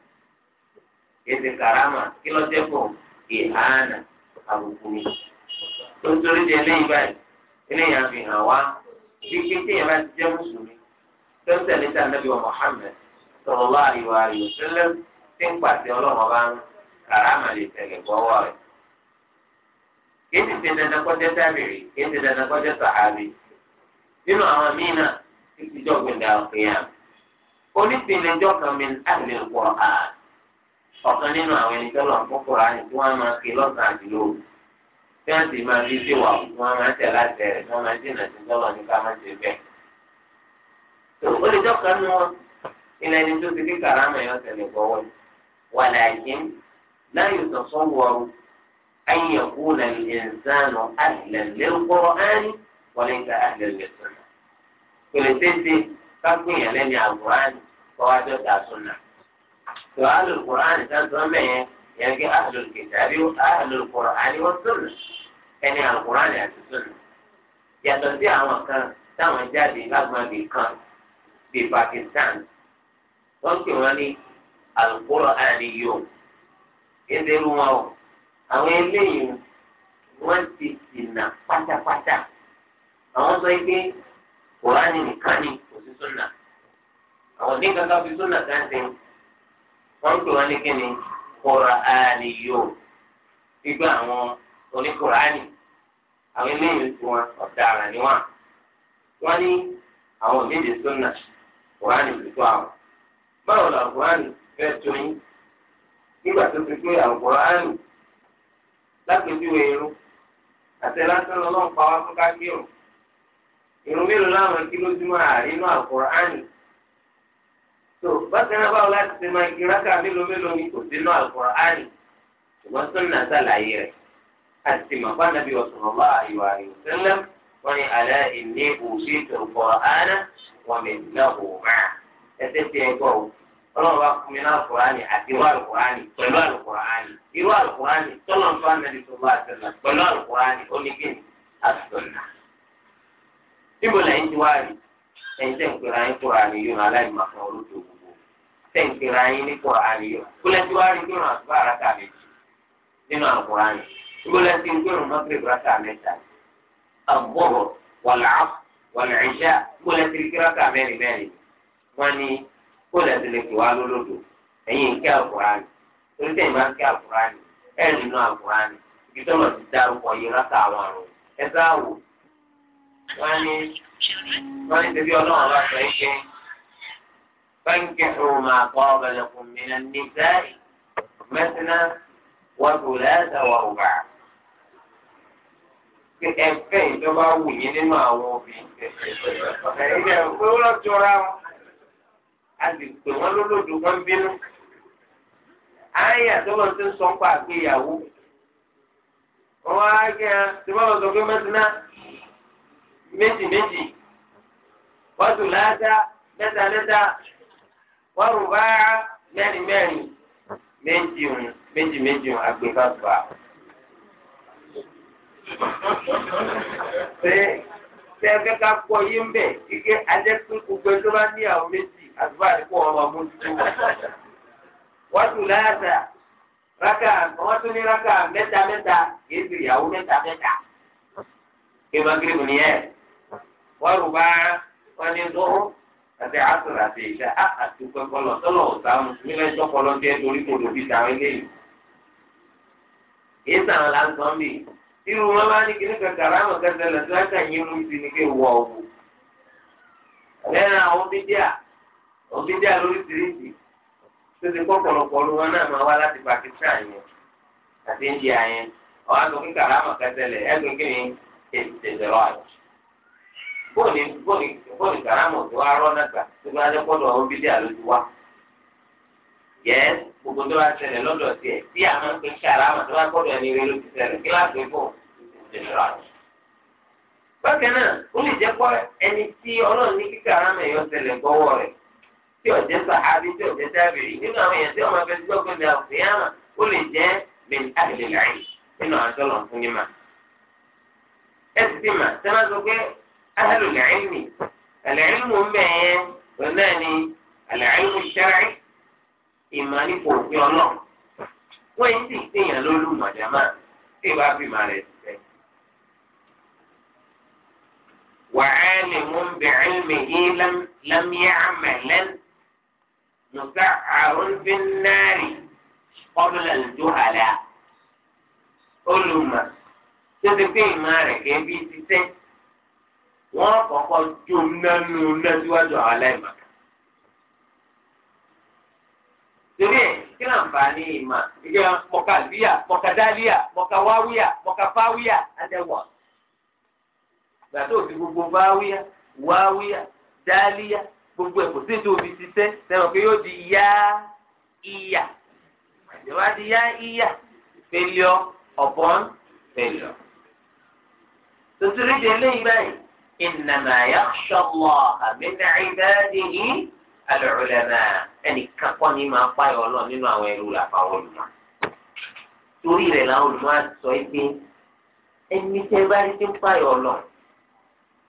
èsì karama kí a jẹ́ kó ìhánà àbùkù ni. tó ń torí di eléyìí báyìí eléyìí àfi hàn wá kíkí téèyàn bá ti jẹ́ mùsùlùmí tó ń tẹ̀lé nàbí wa Muhammad sallallahu alaihi wa alihi wasallam tí ń pàṣẹ ọlọ́run ń karama lè tẹ̀lé gbọ́wọ́ rẹ̀. kìí ti dandan kọjá tábìrì kìí dandan kọjá sàhábì nínú àwọn míín náà ti ti jọ gbẹdà òkèèyàn onípìnlẹ̀ jọ kan mi ọ̀kan nínú àwọn ẹni tó lọ ra ni tí wọ́n máa fi lọ́sàn àti lóru tí wọ́n sì máa fi ṣe wà fún wọn máa tẹ̀ láti ẹ̀rẹ̀ tí wọ́n máa dènà sí tọ́lọ̀ ní ká máa ṣe bẹ́ẹ̀. ó lè jọ́ kan wọn ilẹ̀ tó ti fi kàrámà yọ tẹ̀lé gbọ́wọ́ wà sọ̀sọ́ wọ̀ọ́rù ka àtìlẹ̀lẹ́sọ̀nà kò lè tẹ́tẹ́ ká سؤال القرآن تنظم يعني أهل الكتاب وأهل القرآن والسنة يعني القرآن يعني السنة wọ́n ń pè wọ́n ní kíni yóò gbígbé àwọn àwọn eléyìí tí ọ̀daràn ni wọ́n wọ́n ní àwọn òmìnir sunna kùránì tuntun àwọn báwo la kùránì fẹ́ tó nígbà tó ti pé àwọn kùránì lápèjúwe irun àti lásán lọ́nà pa wá fún ká kírun irun mélòó láwọn kí tó bákan náà báwo láti ṣe máa igi rákà mélòó mélòó ni kò Al-Qur'ani ṣùgbọ́n sọ́nà sàlàyé rẹ̀ àti màbá nàbí sallallahu alaihi wa sallam wọ́n ní ala inni utitu al-Qur'ana ẹsẹ̀ tiẹ̀ gbọ́ o ọlọ́run bá fún mi ní alukurani àti irú alukurani pẹ̀lú alukurani irú alukurani tọ́lọ̀ ń fún ẹ̀yin tẹ̀ ń pera yín kó àníyàn aláìmọ̀kan olóṣù gbogbo tẹ̀ ń pera yín ní kó àníyàn kólẹ́tì wá rí gbẹ̀rún àtúbà àràkà méjì nínú àkùrá yín kólẹ́tì gbẹ̀rún mọ́tìrì àràkà mẹ́ta àbúrò wàlàá wàlàá ìṣá kólẹ́tì kíráàkà mẹ́rin mẹ́rin wọ́n ní lè wá lólódò ń àkùrá torí tẹ̀ ń bá ń àkùrá ẹ̀ nínú àkùrá wọ́n ti bí ọlọ́run bá sọ yìí ṣe فانكحوا ما طاب لكم من النساء مثنى وثلاث ورباع ẹ̀fẹ́ ìjọba wù yín nínú àwọn obìnrin ẹ̀yìn ẹ̀fẹ́ ọlọ́jọ́ra wọn a sì pè wọ́n lólòdù wọn bínú àyà tó sọ àgbéyàwó á kí ẹ tí wọ́n lọ sọ pé méjì méjì. wàtúláta mẹ́ta meta meta mẹ́rin mẹ́rin méjì méjì méjì agbèfàgbà. ṣé ṣé ẹgbẹ́ ká pọ̀ yín bẹ̀ kíkẹ́ ajẹ́kùn gbogbo tó bá ní àwọn méjì àdúrà nípò ọmọ mójútó. wàtúláta rákà wọ́n tún ní rákà mẹ́ta mẹ́ta meta. sì ìyàwó mẹ́ta mẹ́ta. wọ́n ní lóhùn àti àtúrò àti ìṣá àtúpẹ́ kọlọ̀ tọ́lọ̀ ọ̀sán mùsùlùmí lẹ́yìn tó kọlọ́ jẹ́ torí kò lòdì táwọn eléyìí. èyí sàn án lásán bì irú wọn bá ní kíní kankan ráàmù kẹsẹ̀ lẹ́sẹ̀ mú wọ àwọn wọn náà máa wá láti Pakistan yẹn àti India yẹn bóòlì bóòlì bóòlì kàrámù tó wá rọ́nà gbà tó bá dé kọ́dọ̀ ọ̀hún bídíà ló ti wá. yẹ gbogbo tó bá ṣẹlẹ̀ lọ́dọ̀ tiẹ̀ tí àmọ́ ń pè kàrámù tó bá kọ́dọ̀ ẹni rẹ ló ti ṣẹlẹ̀ kíláàsì fún ìṣẹ̀lẹ̀ bákan náà ó lè jẹ́ pọ́ ẹni tí ọlọ́run ní kíkà ara mẹ́yọ ṣẹlẹ̀ gbọ́wọ́ rẹ̀ tí ọ̀jẹ́ sàhábí tí ọ̀jẹ́ dábìrì nínú àwọn èèyàn tí ọmọ ẹgbẹ́ tí wọ́n gbẹ̀dẹ̀ àfìyàmà ó lè jẹ́ min ahli al-ilm nínú àjọlọ̀ fún yín mà. ẹ ti ti mà sẹ́nà أهل العلم العلم ما وناني العلم الشرعي إيماني يا الله وإن تكتين لولو مجمع إبا إيه في مالك وعالم بعلمه لم لم يعمل مسعر في النار قبل الجهلاء قولوا ما تدفين مارك يبي إيه تسين wọ́n kọ́kọ́ jó nánú lẹ́síwájú àwọn aláìmọ̀. torí ẹ̀ kí náà bá ní ìmọ̀ ìgbẹ́ mọ̀kàlíyà mọ̀kàdálíyà mọ̀kàwáwíyà mọ̀kàfáwíyà àdẹ́wà. gbàtó òfin gbogbo báwíyà wáwíyà dálíyà gbogbo ẹ̀ kò sí ètò òfin ṣiṣẹ́ sẹ́wọ̀n pé yóò di yá ìyà ìjọba di yá ìyà failure upon failure. tuntun rí de lẹ́yìn báyìí. إنما يخشى الله من عباده العلماء ẹnì kan kọ́ ni máa pa ìwọ náà nínú àwọn ẹrú làfàwọn olùmọ̀ torí rẹ̀ làwọn olùmọ̀ sọ é pé ẹni tẹ́ bá rí tí ń pa ìwọ náà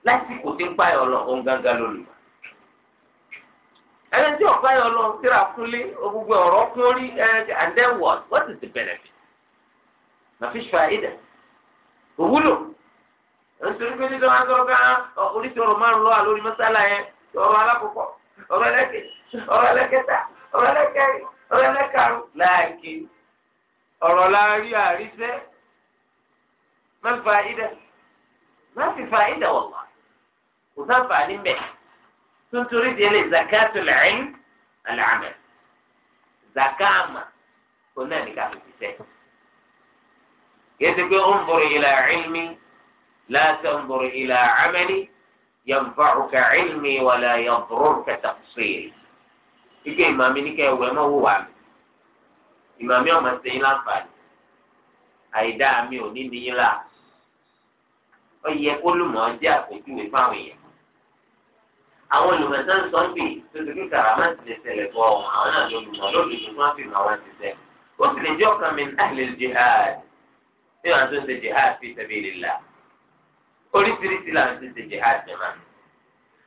lásìkò tí ń pa ìwọ náà ó ń gángan lólùmọ̀ ẹni tí ọ̀pá ìwọ náà síra kúnlé gbogbo ọ̀rọ̀ kún orí ẹ and then what what is the benefit? màfi ṣe àìdá òwúlò nítorí pé nítorí wọn sọ̀rọ̀ ah, kan oríṣi ọ̀rọ̀ márùn lọ́wọ́ lórí mọ́sálà yẹn ọ̀rọ̀ alákọ̀ọ́kọ́ ọ̀rọ̀ ẹlẹ́kẹ̀ ọ̀rọ̀ ẹlẹ́kẹta ọ̀rọ̀ ẹlẹ́kẹrin ọ̀rọ̀ ẹlẹ́karùn láàkì ọ̀rọ̀ láàrí àríṣẹ́ má fa idẹ má fi fa idẹ wọ̀wá kò sáfà níbẹ̀ nítorí délé zakatu lẹ́yìn àlàmẹ́ zakama kò náà ní ká fi ti sẹ́ yẹ́n ti pé ó ń bọ̀rọ̀ yìí la ẹ̀rín mi. لا تنظر إلى عملي ينفعك علمي ولا يضرك تقصيري ike ìmàmí ní kẹ́ ẹ̀wẹ̀ mọ́ wùwà mi ìmàmí ọ̀mà sẹ́yìn láǹfààní àìdá mi ò ní níyìn là ó yẹ kó lùmọ̀ jẹ́ àpèjúwe fáwọn èèyàn àwọn olùmọ̀sán ń sọ ń bì tuntun kí kàràmà ti lè ṣẹlẹ̀ bọ̀ àwọn náà ló lùmọ̀ lórí tuntun wọn fi àwọn ti sẹ́ ó sì lè jẹ́ ọ̀kan min ahlil jihad bí wọn tó ṣe jihad fi sabilillah oríṣiríṣi là ń tètè jihad jama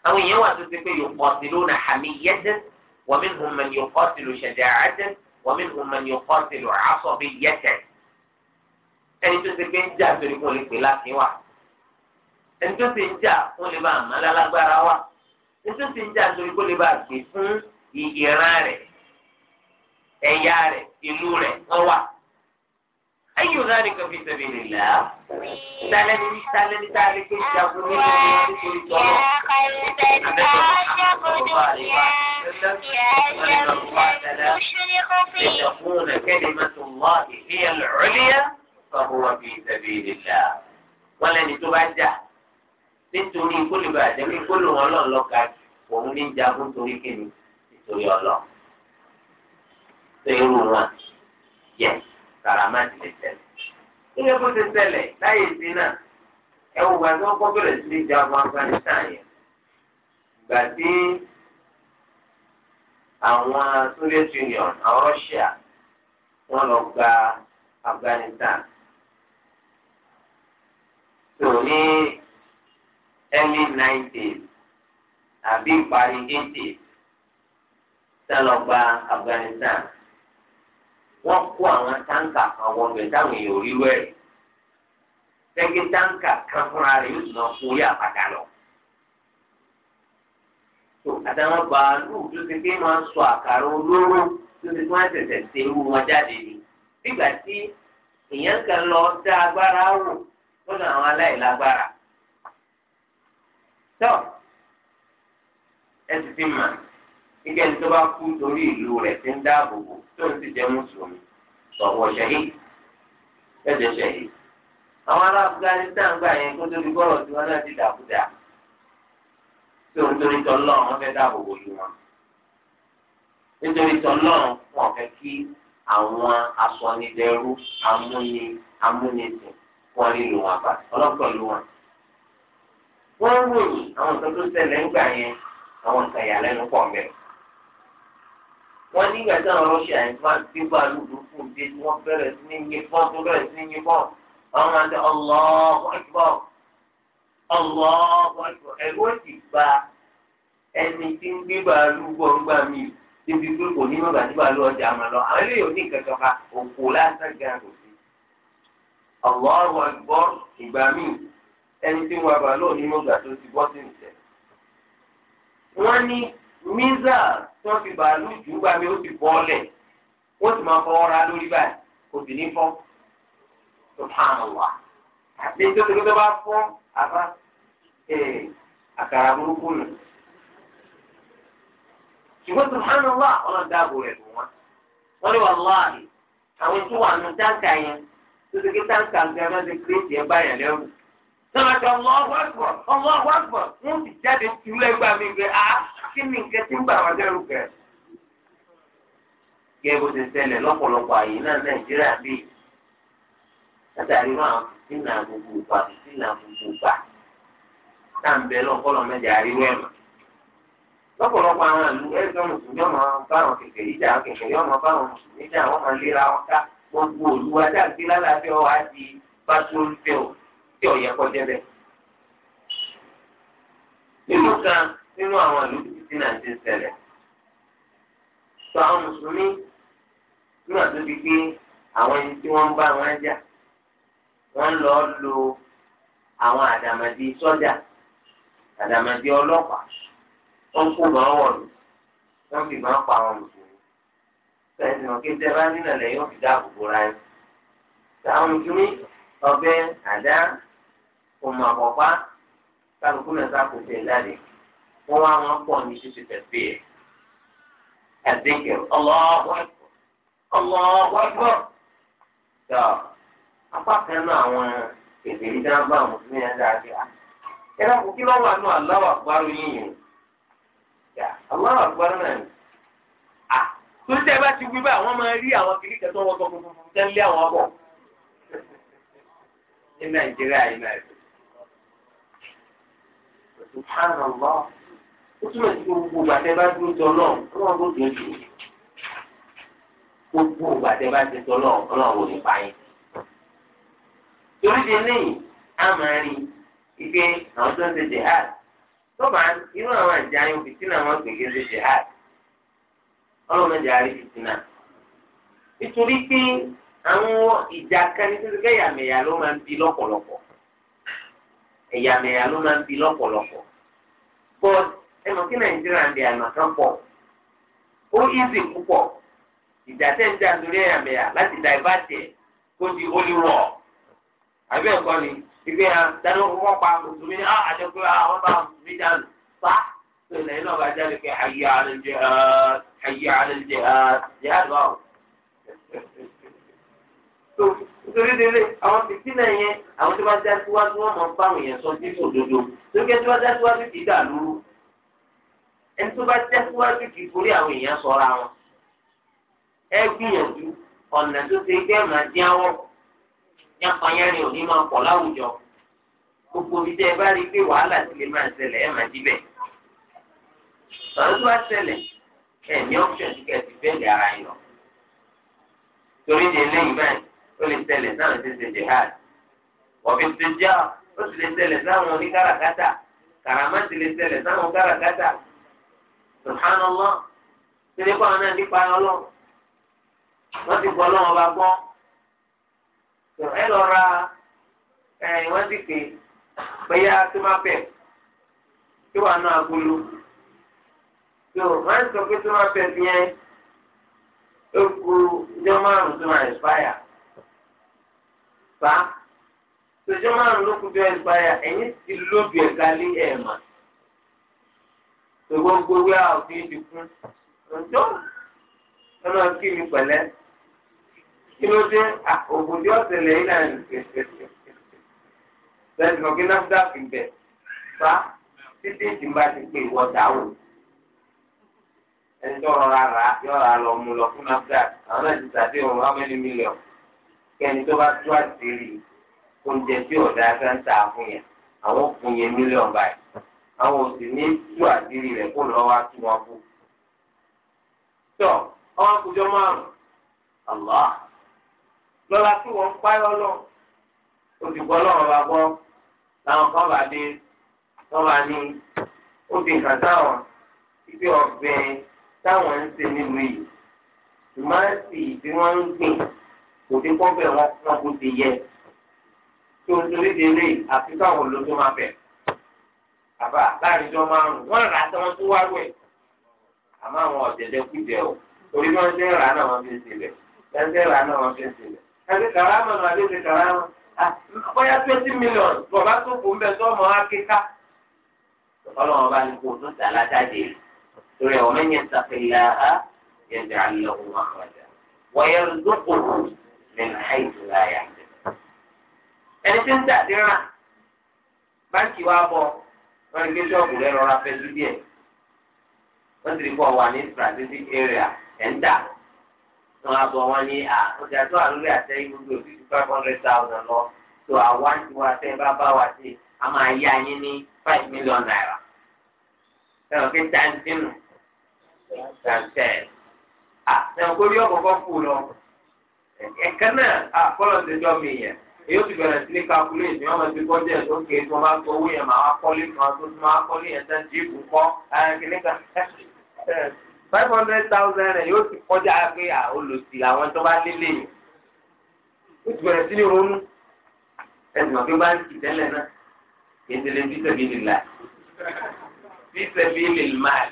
àwọn èèyàn wà tó ti pé yuqatiluna hamiyatan wa minhum man yuqatilu shaja'atan wa minhum man yuqatilu 'asabiyyatan ẹni tó ti pé ń jà torí kò lè pè láti wà ẹni tó ti ń jà kó lè bá àmọ́ lálágbára wà ẹni tó ti ń jà torí kó lè bá gbé fún ìran rẹ̀ ẹ̀yà rẹ̀ ìlú rẹ̀ wọ́n wà. أي ذلك في سبيل الله سالني سالني سالك يا بني يا قلب العاشق يا المشرق لتكون كلمة الله هي العليا فهو في سبيل الله ولن تبجح nítorí kó lè bàjẹ́ pé kó lè wọn lọ́n lọ́ka òun ní jagun torí kíni nítorí ọlọ́. Ṣé irú wọn? Yes karama ti lè tẹ̀lé. Ilé kó ti ṣẹlẹ̀ láyé sí náà, ẹ wò gbà tí wọ́n kọ́ bẹ̀rẹ̀ sí ìjà ọmọ Afghanistan yẹn. Ìgbà tí àwọn Soviet Union, àwọn Russia, wọ́n lọ gba Afghanistan. Tò ní early nineties àbí ìparí eighties, tá gba Afghanistan wọ́n kó àwọn táǹkà kan wọ́n bẹ̀ táwọn èèyàn rí wẹ́ tẹ́gẹ́ táǹkà kan fúnra rẹ̀ yóò tún lọ fún orí àpáta lọ. àtàwọn bàálù tó ti pé máa ń sọ àkàrà olóró tó ti fún àtẹ̀tẹ̀ ṣe irú wọn jáde ni. nígbà tí èèyàn kan lọ dá agbára wò lọ́dọ̀ àwọn aláìlágbára. tọ́ ẹ ti ti mọ̀ ike ní tó bá kú torí ìlú rẹ̀ ti ń dáàbò bò tó ń sì jẹ́ mùsùlùmí sọ̀wọ́ ṣẹ̀yìn ẹ̀jẹ̀ ṣẹ̀yìn. àwọn ará Afghanistan gbà yẹn kó tóbi bọ́ọ̀lù tí wọ́n náà ti dàkúdà tó ń torí tọ́lọ́ wọn fẹ́ dáàbò bò yìí wọn. nítorí tọ́lọ́ wọn fẹ́ kí àwọn aṣọ́nidẹ́rú amúni amúnisìn wọn nílò wọn bá ọlọ́pàá ló wọn. wọ́n ń ròyìn àwọn nǹkan tó ṣẹlẹ̀ ń gbà yẹn àwọn nǹkan ìyàlẹ́nu pọ̀ mẹ́rin wọ́n nígbà tí àwọn rọ́ṣíà yẹn bá gbé bàálù burúkú dé tí wọ́n bẹ̀rẹ̀ sí ní yìnbọn tó bẹ̀rẹ̀ sí ní yìnbọn àwọn máa ń tẹ Allahu Akbar Allahu Akbar ẹ̀rú ó gba ẹni tí ń gbé bàálù gbọ̀ngbà mi débi pé kò ní mọ̀gbà tí bàálù ọjà máa lọ àwọn eléyìí ò ní kankan òkú lásán gan sí. Allahu Akbar mísà tí wọ́n fi bàálù jù ú gbàgbé ó ti bọ́ ọ̀lẹ̀ ó sì máa fọwọ́ ra lórí báyìí kò sì ní fọ́ subhanallah àti tó tó bá fọ́ àbá àkàrà burúkú nù. ṣùgbọ́n subhanallah ọlọ́run dáàbò rẹ̀ wọ́n wọ́n ní àwọn tó wà nù táǹkà yẹn tó táǹkà ẹ̀ lẹ́rù. wọ́n ti jáde kí ni nǹkan tí ń gbà wọn dẹrù kẹ. kí ẹ bó ti ṣẹlẹ̀ lọ́pọ̀lọpọ̀ àyè náà nàìjíríà bí látàrí wọn gbogbo ìgbà gbogbo ìgbà tá à ń bẹ lọ́pọ̀lọpọ̀ àwọn ẹgbẹ́ mùsùlùmí ọmọ báwọn ìjà ọmọ báwọn mùsùlùmí máa gbogbo olúwa lálàáfíà ọ̀ á di fìtínà ti ń ṣẹlẹ̀ sọ àwọn mùsùlùmí nígbà tó di pé àwọn ẹni tí wọ́n ń bá wọn jà wọ́n lọ lo àwọn àdàmàdì sọ́jà àdàmàdì ọlọ́pàá wọ́n kó máa wọ̀lú wọ́n fi máa pa àwọn mùsùlùmí bẹ́ẹ̀ ni wọ́n kí n tẹ́ bá nínà lẹ́yìn wọ́n fi dáàbò bò ra ẹ̀ àwọn mùsùlùmí ọbẹ̀ àdá òmùàpọ̀pá kálukú náà sá kò tẹ̀ jáde wọ́n wá wọn pọ̀ ní ṣíṣe tẹ̀sí ẹ̀. Àdéhùn Allahu Akbar apá kan náà àwọn èdè yìí dáná bá àwọn mùsùlùmí Ẹ kí lọ́wọ́ yín yìí. náà ni. Tó tẹ́ bá ti wí bá àwọn máa rí àwọn kiri kẹtọ́ ó túmọ̀ sí gbogbo gbàtẹ́ bá dúró tọ́ náà ọlọ́run ló dùn jù gbogbo gbàtẹ́ bá ti tọ́ náà ọlọ́run ò ní pa yín. torí di níyì á máa rí ike àwọn tó ń ṣe jihad tọ́ba irú àwọn àjà yóò fìtínà wọn pè é ṣe jihad ọlọ́run náà jàre fìtínà nítorí pé àwọn ìjà kan ní sísè ẹ̀yàmẹ̀yà ló máa ń bi lọ́pọ̀lọpọ̀ ẹ̀yàmẹ̀yà ló máa ń bi lọ́pọ̀lọpọ̀ bọ́ọ̀sì ẹnu kí nàìjíríà ń bẹ àná kan pọ̀ ó yíṣì púpọ̀ ìjà tẹ̀ ń jà lórí ẹ̀yà mẹ́yà láti dà ìbá tẹ̀ kó di olúwọ̀ àbí ẹ̀kọ́ ni ìgbé ya dáná kókó pa mùsùlùmí á àjẹkù àwọn bá mùsùlùmí dànù fa tó ilẹ̀ iná bá jáde pé hayya ala al-jihad hayya ala al-jihad jihad bá wò. tó nítorí délé àwọn fìtínà yẹn àwọn tó bá dá síwájú wọn mọ̀ fáwọn èèyàn sọ sí òdodo tó kẹ́ tó bá dá síwájú kì í dà lóru ẹni tó bá jẹ́ síwájú kì í forí àwọn èèyàn sọra wọn. ẹ gbìyànjú ọ̀nà tó ṣe pé màá dín àwọ̀ yánpanyánrin ò ní máa pọ̀ láwùjọ. gbogbo ibi tẹ́ ẹ bá rí i pé wàhálà ti lè máa ṣẹlẹ̀ ẹ máa díbẹ̀. sọ̀rọ̀ tó bá ṣẹlẹ̀ ẹ̀mí ọ̀pṣọ̀ ti kẹ́ ti bẹ́ẹ̀lì ara yìí lọ. torí ní eléyìí báyìí ó lè ṣẹlẹ̀ sáwọn ti ṣe jihad. ọ̀bí ti já ó sì lè ṣẹlẹ̀ sáwọn oníkàràkátà kàràmá ti lè ṣẹlẹ̀ sáwọn kàràkátà subhanallah tẹ̀lé kọ́ àwọn náà nípa ọlọ́run wọ́n ti gbọ́ ọlọ́run ọba gbọ́ ẹ lọ ra ẹ̀yìn wọ́n ti pè bẹ́yà tó máa pẹ̀ tó wà náà agolo tó wọ́n sọ pé tó máa pẹ̀ fi yẹn ó márùn tó máa expire fa márùn ló kú tó expire ti lóbi ẹ̀ka lé ẹ̀ máa. gbogbo gbogbo àwọn fi ń dikun ọjọ́ ẹ máa kí mi pẹ̀lẹ́ kí ló dé ògùn tí ọ̀sẹ̀ lẹ́yìn náà ní bẹ́ẹ̀ni mo kí náfdà fi bẹ̀ fa títí tí bá ti pé ìwọ dáwò ẹni tó rọra rà yọ̀ọ̀rà lọ mú lọ fún náfdà àwọn náà ti sàdé òun how many million kẹ́ni tó bá tó àṣírí oúnjẹ tí ọ̀dà sáńtà fún yẹn àwọn fún yẹn mílíọ̀n báyìí àwọn òsì ní tú àdírí rẹ̀ kó lọ́ wá tí wọ́n fún. tọ́ ọwọ́ akójọ márùn Allah lọ́la tí wọ́n ń páyọ́ lọ oṣù gbọ́ lọ́wọ́ bá gbọ́ làwọn kan bá dé wọ́n bá ní obì kan táwọn ibi ọ̀gbìn táwọn ń ṣe nílùú yìí tòmátì tí wọ́n ń gbìn kò dé kọ́ bẹ̀ wọ́n kó ti yẹ tó ń torí délé àfi káwọn olóṣó máa bẹ̀rẹ̀ bàbá láàrin jọ márùn wọn rà á tí wọn tún wá rú ẹ àmọ́ àwọn ọ̀dẹ̀dẹ̀ kú jẹ o orí wọn ṣe ń rà náà wọn fi ń sílẹ̀ wọn ṣe ń rà náà wọn fi ń sílẹ̀ ẹgbẹ́ kàrámà náà àbí ẹgbẹ́ kàrámà bóyá twenty million bọ̀bá tó kù ń bẹ sọ́mọ akéka ọlọ́run bá ní kó tún sàlátà dé torí ọmọ yẹn sàfẹ́yà á yẹn jẹ́ àlọ́ òun àkàràjà wọ́n yẹn nínú àìsàn láyà ẹni tí ń tàdé rà báńkì wa bọ̀ wọ́n rí kéṣọ́ọ̀bù rẹ rọra fẹ́ sí díẹ̀ wọ́n ti rí kọ́ wà ní strategic area ẹ̀ńdà wọ́n á bọ̀ wọ́n ní à ọjà tó àlórí àtẹ́yìn gbogbo fifty five hundred thousand lọ tó àwa ń tiwa tẹ́ bá bá wa sí a máa yá yín ní five million naira ẹ̀rọ kí tàǹtínù tàǹtẹ̀ à ẹ̀rọ kó rí ọ̀kọ̀ọ̀kọ̀ kù lọ ẹ̀ka náà à kọ́lọ̀ ń tẹ́jọ́ mi yẹn èyí ó ti bẹ̀rẹ̀ sí ní calculate ní ọmọ ti kọ́ díẹ̀ tó kéé tó bá tó owó yẹn máa kọ́lé kan tó tún máa kọ́lé yẹn tán jíìpù kọ́ kìnnìkà five hundred thousand rẹ̀ yóò ti kọjá pé olùsí làwọn tó bá lélẹ̀ yìí ó ti bẹ̀rẹ̀ sí ní ronú ẹ̀sìn ọ̀gbìn bá ń kì tẹ́lẹ̀ náà ìdílé bísẹ̀bí lè la bísẹ̀bí lè máa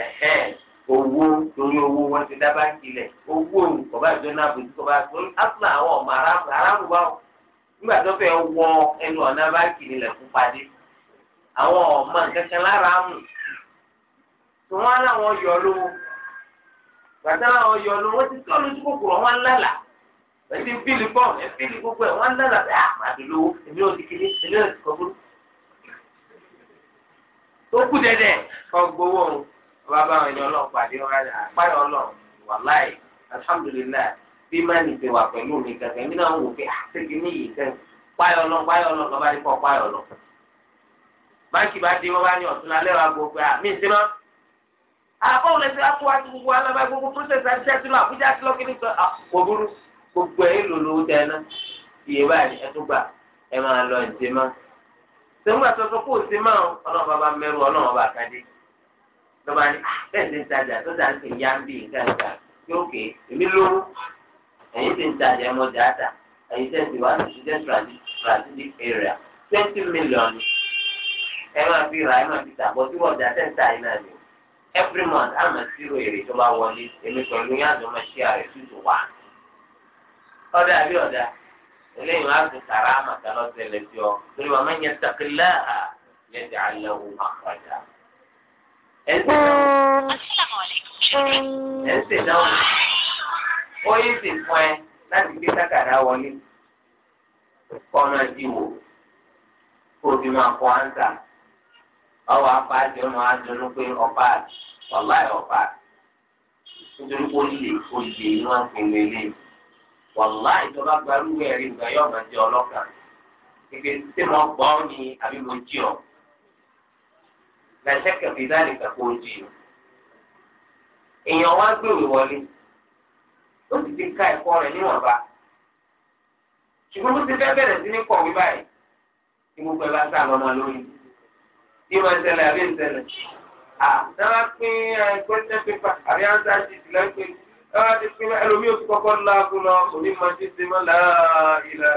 ẹ̀hẹ́ owó torí owó wọn ti dábàá ìkìlẹ̀ owó òun kọ̀ọ̀bá ìjọba àbòjú kọ̀ọ̀bá àtún áfúlà àwọn ọmọ aráàlú wa o nígbà tó fẹ́ wọ ẹnu ọ̀nà báńkì nílẹ̀ fún padì àwọn ọmọ nǹkankan lára mù tí wọ́n láwọn yọ lówó gbàtà láwọn yọ lówó wọ́n ti tọ́ lójú kòkòrò wọn lálàá pẹ̀lú bíìlì bọ́ọ̀ ẹ̀ bíìlì gbogbo ẹ̀ wọ́n lálàá pé àmàdùlówó èmi ò ti kéde èmi ò ti kọ́ búrú tó kú dẹ́dẹ́ kọ́ gbowó òun bá bá àwọn ẹni ọlọ́run pàdé ọ̀rá rẹ̀ àpáyọ̀ ọlọ́run wàláì alhamdulilayi bí máa nìṣe wà pẹ̀lú mi gàgà mí náà ń wò pé àṣegì ah, ní yìí sẹ́yìn páyọ̀ ọlọ́run páyọ̀ ọlọ́run lọ́ba ní kọ́ páyọ̀ ọlọ́run. báńkì bá dé wọ́n bá ní ọ̀tún alẹ́ wa gbogbo à ah, mí ah, ṣe máa. àbọ̀ òun lẹ́sẹ̀ àpò àti gbogbo alábẹ́ gbogbo process àti iṣẹ́ tìlú àbújá àti lọ́kìnní kan kò burú gbogbo ẹ̀ ló lówó tẹ ná iye báyìí ẹ tún gbà ẹ máa lọ ìṣe máa. sẹ́wọ́n àtọ́sọ́ kó o ṣe máa ọlọ́run bàbá mẹ́rù ọlọ́run bàbá kadé lọ́ba ní ah, bẹ́ẹ̀ ti ń tajà tó tà ń sìn yá ń bì nǹkan nǹkan yóò ké èmi lówó ẹ̀yin ti ń tajà ẹ̀mọ dáadáa ẹ̀yin tẹ̀ sí wá sí strategic area twenty million ẹ máa fi ra ẹ máa fi tàbọ̀ tí wọ́n dáadáa ń ta náà ni every month á máa ṣírò èrè tó bá wọlé èmi pẹ̀lú yín àjọ máa ṣe àrẹ two to ọ̀dà àbí ọ̀dà fi ọ torí máa ń yẹ ẹ ń ṣèdánwò ó yí sì fún ẹ láti gbé sákàdá wọlé kọ́nà ìwò o máa kọ́ áńsà ọwọ́ apá àti ọmọ adùnú pé ọ̀pá ọ̀la ọ̀pá nítorí pé ó inú àpèlè lè ìjọba gbarú ẹ̀rí yóò máa jẹ tí mo gbọ́ ni àbí mo jí làṣẹ kẹfì láti kàkó ojì o èèyàn wá gbèrò wọlé ó sì ti ka ẹ̀kọ́ rẹ̀ níwọ̀nba ṣùgbọ́n bó ti fẹ́ bẹ̀rẹ̀ sí ní kọ̀wé báyìí tí gbogbo ẹ bá sá lọ́mọ lórí bí wọ́n ṣẹlẹ̀ àbí ìṣẹ̀lẹ̀ àtàwọn pín question paper àbí answer sheet lẹ́pẹ́ ẹ̀wọ́n ti pín ẹlòmí oṣù kọ́kọ́ láàbù lọ òní mọ ti ṣe mọ́ láàá ilẹ̀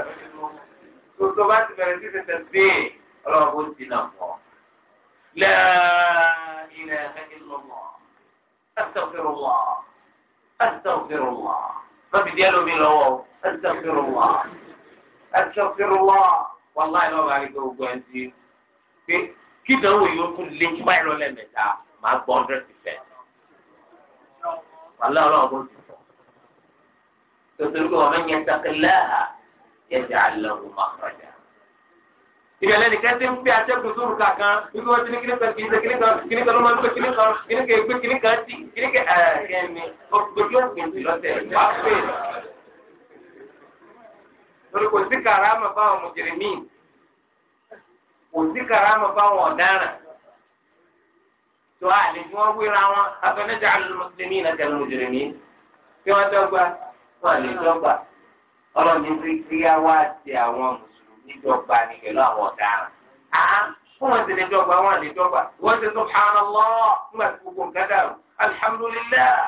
tó tó bá ti bẹ̀rẹ̀ sí ṣe tẹ̀sí ọlọ́run bó ti nà fún ọ. لا إله إلا الله أستغفر الله أستغفر الله ما بدي له من أستغفر الله أستغفر الله والله ما بعرف أقول أنت kí ìdánwò yóò tún lé kí báyìí lọ lẹ́ẹ̀mẹ́ta máa gbọ́ hundred percent. wàhálà ọlọ́run kò sì sọ. tòtòrí kò wọ́n mẹ́yẹn sákẹ́lá yẹn ti àlọ́ ọ̀hún máa kọjá ìrẹ̀lẹ̀ nìkan ti ń pè atẹ́kùn sóru kankan wípé wọ́n ti ní kíní kan kì í ṣe kíní kan kíní kan ló máa ń pè kíní kan kíní kan gbé kíní kan tì kíní kan ẹ̀ kẹ́ni ojú òkun ti lọ́tẹ̀ wá pè é. torí kò sí karama fáwọn mùjìrìmí kò sí karama fáwọn ọ̀daràn tó a lè fi wọ́n wéra wọn afẹnẹjà alùmùsùlùmí náà kẹlẹ mùjìrìmí kí wọ́n dọ́gba wọ́n lè dọ́gba ọlọ́ọ̀ni níjọba ni pẹ̀lú àwọn ọ̀daràn. a wọ́n máa ń ṣe níjọba wọ́n níjọba wọ́n ṣe subhanallah nígbà tí gbogbo nǹkan dàrú alhamdulillah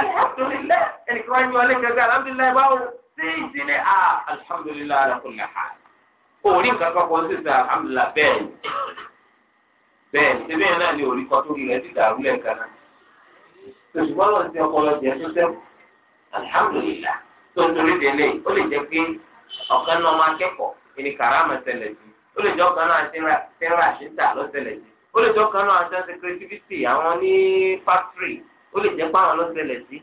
alhamdulillah ẹnìkan wá ń yọ ọlẹ́gbẹ̀ẹ́ gbẹ́ alhamdulillah báwo ṣé ìṣe ni a alhamdulillah ala kulli hal. òní nǹkan kan kọ́ sísè alhamdulillah bẹ́ẹ̀ bẹ́ẹ̀ ṣẹ́bí yẹn náà ni òní kan tó rí rẹ̀ ti dàrú lẹ́ẹ̀kan náà. tó ń torí délé ó lè jẹ́ pé ọ̀kan náà máa kẹ́kọ̀ọ́ ìní karama ṣẹlẹ̀ sí ó lè jọ kan náà ṣe ń ra ṣíńtà ló ṣẹlẹ̀ sí ó lè jọ kan náà ṣe ń ṣe creativity àwọn ní factory ó lè jẹ́ pé àwọn ló ṣẹlẹ̀ sí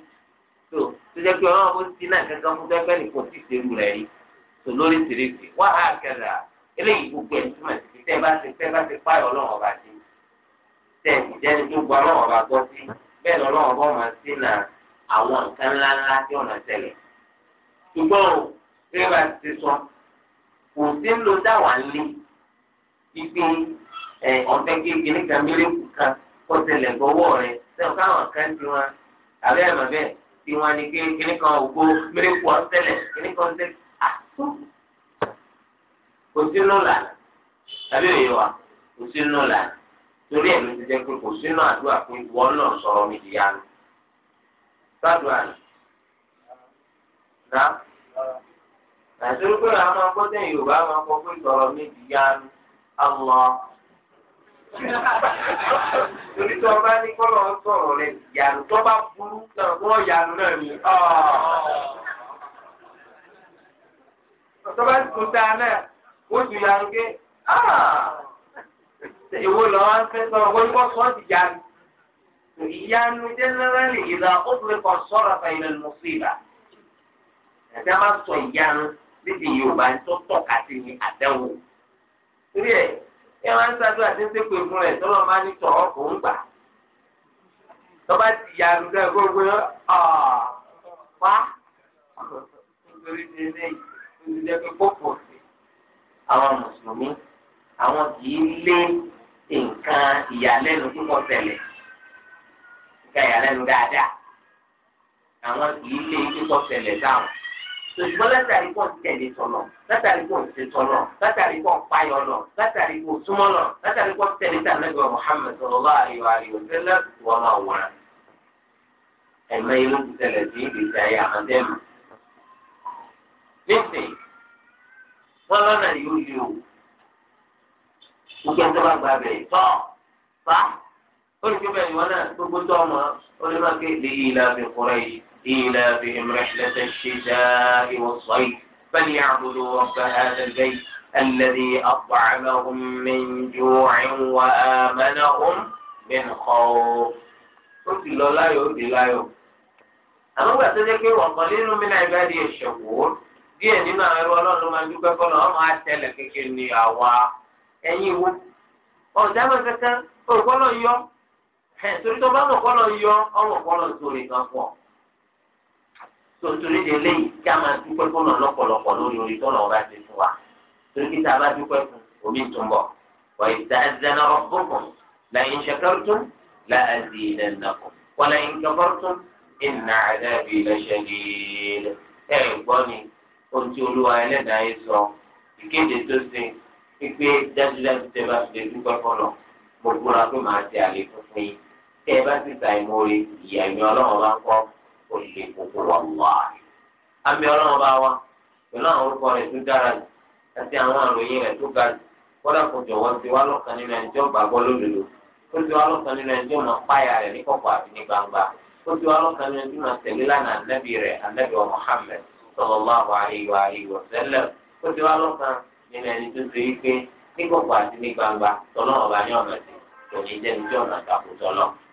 tó tó jẹ́ pé ọlọ́run bó ti náà kankan fún fẹ́fẹ́ nìkan tí ìṣerú rẹ̀ rí tó lórí tìrìtì wá á kẹrà eléyìí gbogbo ẹ̀ túmọ̀ sí tẹ́ bá ti tẹ́ bá ti páyọ̀ ọlọ́run ọba sí tẹ́ ìjẹ́ni tó gba ọlọ́run ọba gbọ́ sí bẹ́ẹ̀ ni ọlọ́run ọba máa sí náà àwọn nǹkan ńláńlá tí ọ̀nà ṣẹlẹ̀ ṣùgbọ́n gẹ́gẹ́ bá ti sọ kò sí ń lo dáwà lé ipe ọ̀fẹ́ kékeré kan mérekù kan kó tẹlẹ̀ gbọ́wọ́ rẹ sẹ́wọ́n káwọn kan ti wọn àbẹ́ àmọ́ bẹ́ẹ̀ ti wọn ni kékeré kan ògbó mérekù ọ̀tẹ́lẹ̀ kékeré kan tẹ́lẹ̀ àtúntò kò sí ń lò lànà tàbí òye wa kò sí ń lò lànà torí ẹ̀mí ti jẹ́ pé kò sínú àdúrà pé wọ́n náà sọ̀rọ̀ mi di yanu. Sádùá ni. Náà nàìjíríà pé àwọn akọ́tẹ́ yorùbá máa kọ́ pé sọ̀rọ̀ méjì yá ni àmọ́ torí tí wọ́n bá ní kọ́ lọ́ọ́ sọ̀rọ̀ rẹ̀ yàrá tó bá burú náà wọ́n yàrá náà ni tọ́ba ti tún dáa náà ó ju yàrá pé èwo lọ́wọ́ ń fẹ́ sọ̀rọ̀ wọ́n kọ́ sọ́ọ́ ti yàrá ìyanu jẹ́nẹ́rẹ́lì ìlà ó tún lè kọ́ sọ́ra fẹ́ ilẹ̀ lọ́sí ìlà ẹ̀dá máa sọ ìyanu lédè yorùbá ń tó tọ́ka sí ní àdánwò. torí ẹ ẹ máa ń ṣàdúrà tí ń ṣépè fún rẹ tọ́lọ́ máa ní tọ̀ ọ́ kò ń gbà. tọ́ba ti ya àrùdá gbogbo wá nítorí ti ilé ìdílé pé kókò sí àwọn mùsùlùmí àwọn kì í lé nǹkan ìyàlẹ́nu púpọ̀ tẹ̀lẹ̀ nǹkan ìyàlẹ́nu dáadáa àwọn kì í lé púpọ̀ tẹ̀lẹ̀ dáhùn ṣùgbọ́n látàrí kò ń tẹ̀lé tọ̀nà látàrí kò ń ṣe tọ̀nà látàrí kò ń payọ̀ lọ látàrí kò súnmọ́ lọ látàrí kò tẹ̀lé tànàgbà Muhammad sallallahu alaihi wa sallam wọn máa wọ̀ra. ẹ̀mọ inú ti tẹ̀lẹ̀ sí ìgbésí ayé àmọ́tẹ́mù. nísìn wọn lọ́nà yóò yọ gbogbo ẹgbẹ́ bá gbà tọ́ bá. olùkọ́ bẹ́ẹ̀ ni wọ́n náà gbogbo tó ọmọ olè máa ké lè ilà bí kúrẹ́ yìí ilà bí ìmìrẹ́lẹ́sẹ̀ ṣẹ̀dá ìwọ̀sọ̀ yìí bẹ́ẹ̀ ni àbúrò wọn bá ẹlẹ́lẹ́ yìí ẹlẹ́dí àpàlọ́hùn mẹ́njú àìwá mẹ́nàhùn mẹ́nàkọ́ ó sì lọ láyò ó di láyò. àmọ́ gbà tó jẹ́ pé wọ́n kàn nínú mi náà ìbáraẹni ìṣòwò díẹ̀ nínú àwọn ẹrú ọlọ́run máa ń dúpẹ́ fọlọ́ wọn máa tẹ̀lé kékeré ní àwa ẹ̀yìn wo ọ̀dà mọ̀ kankan òkú ọlọ́run yọ ẹ̀ torí tó bá mọ̀ kọ́ lọ yọ ọmọ kọ́ lọ sórí kan fún ọ. tòtòrí de léyìí kí a máa dúpẹ́ fún ọ lọ́pọ̀lọpọ̀ lórí orí tó lọ́wọ́ bá ti fún wa torí kí tá a bá dúpẹ́ fún omi tún bọ̀ wà ìtàzẹ́nà rabbukum la in shakartum la azidannakum wa la in kafartum inna adhabi lashadid ẹ̀ gbọ́ tẹ́ ẹ bá ti sa ìmòrè ìyá ìmì ọlọ́run bá ń kọ́ kó lè kókó wà wá. àmì ọlọ́run bá wa pẹ̀lú àwọn orúkọ rẹ̀ tó dára jù àti àwọn àròyìn rẹ̀ tó ga jù kọ́dà kò jọ̀wọ́ ti wá lọ́kàn nínú ẹni tí ó gbàgbọ́ lódodo ó ti wá lọ́kàn nínú ẹni tí ó páyà rẹ̀ ní àti ní gbangba ó ti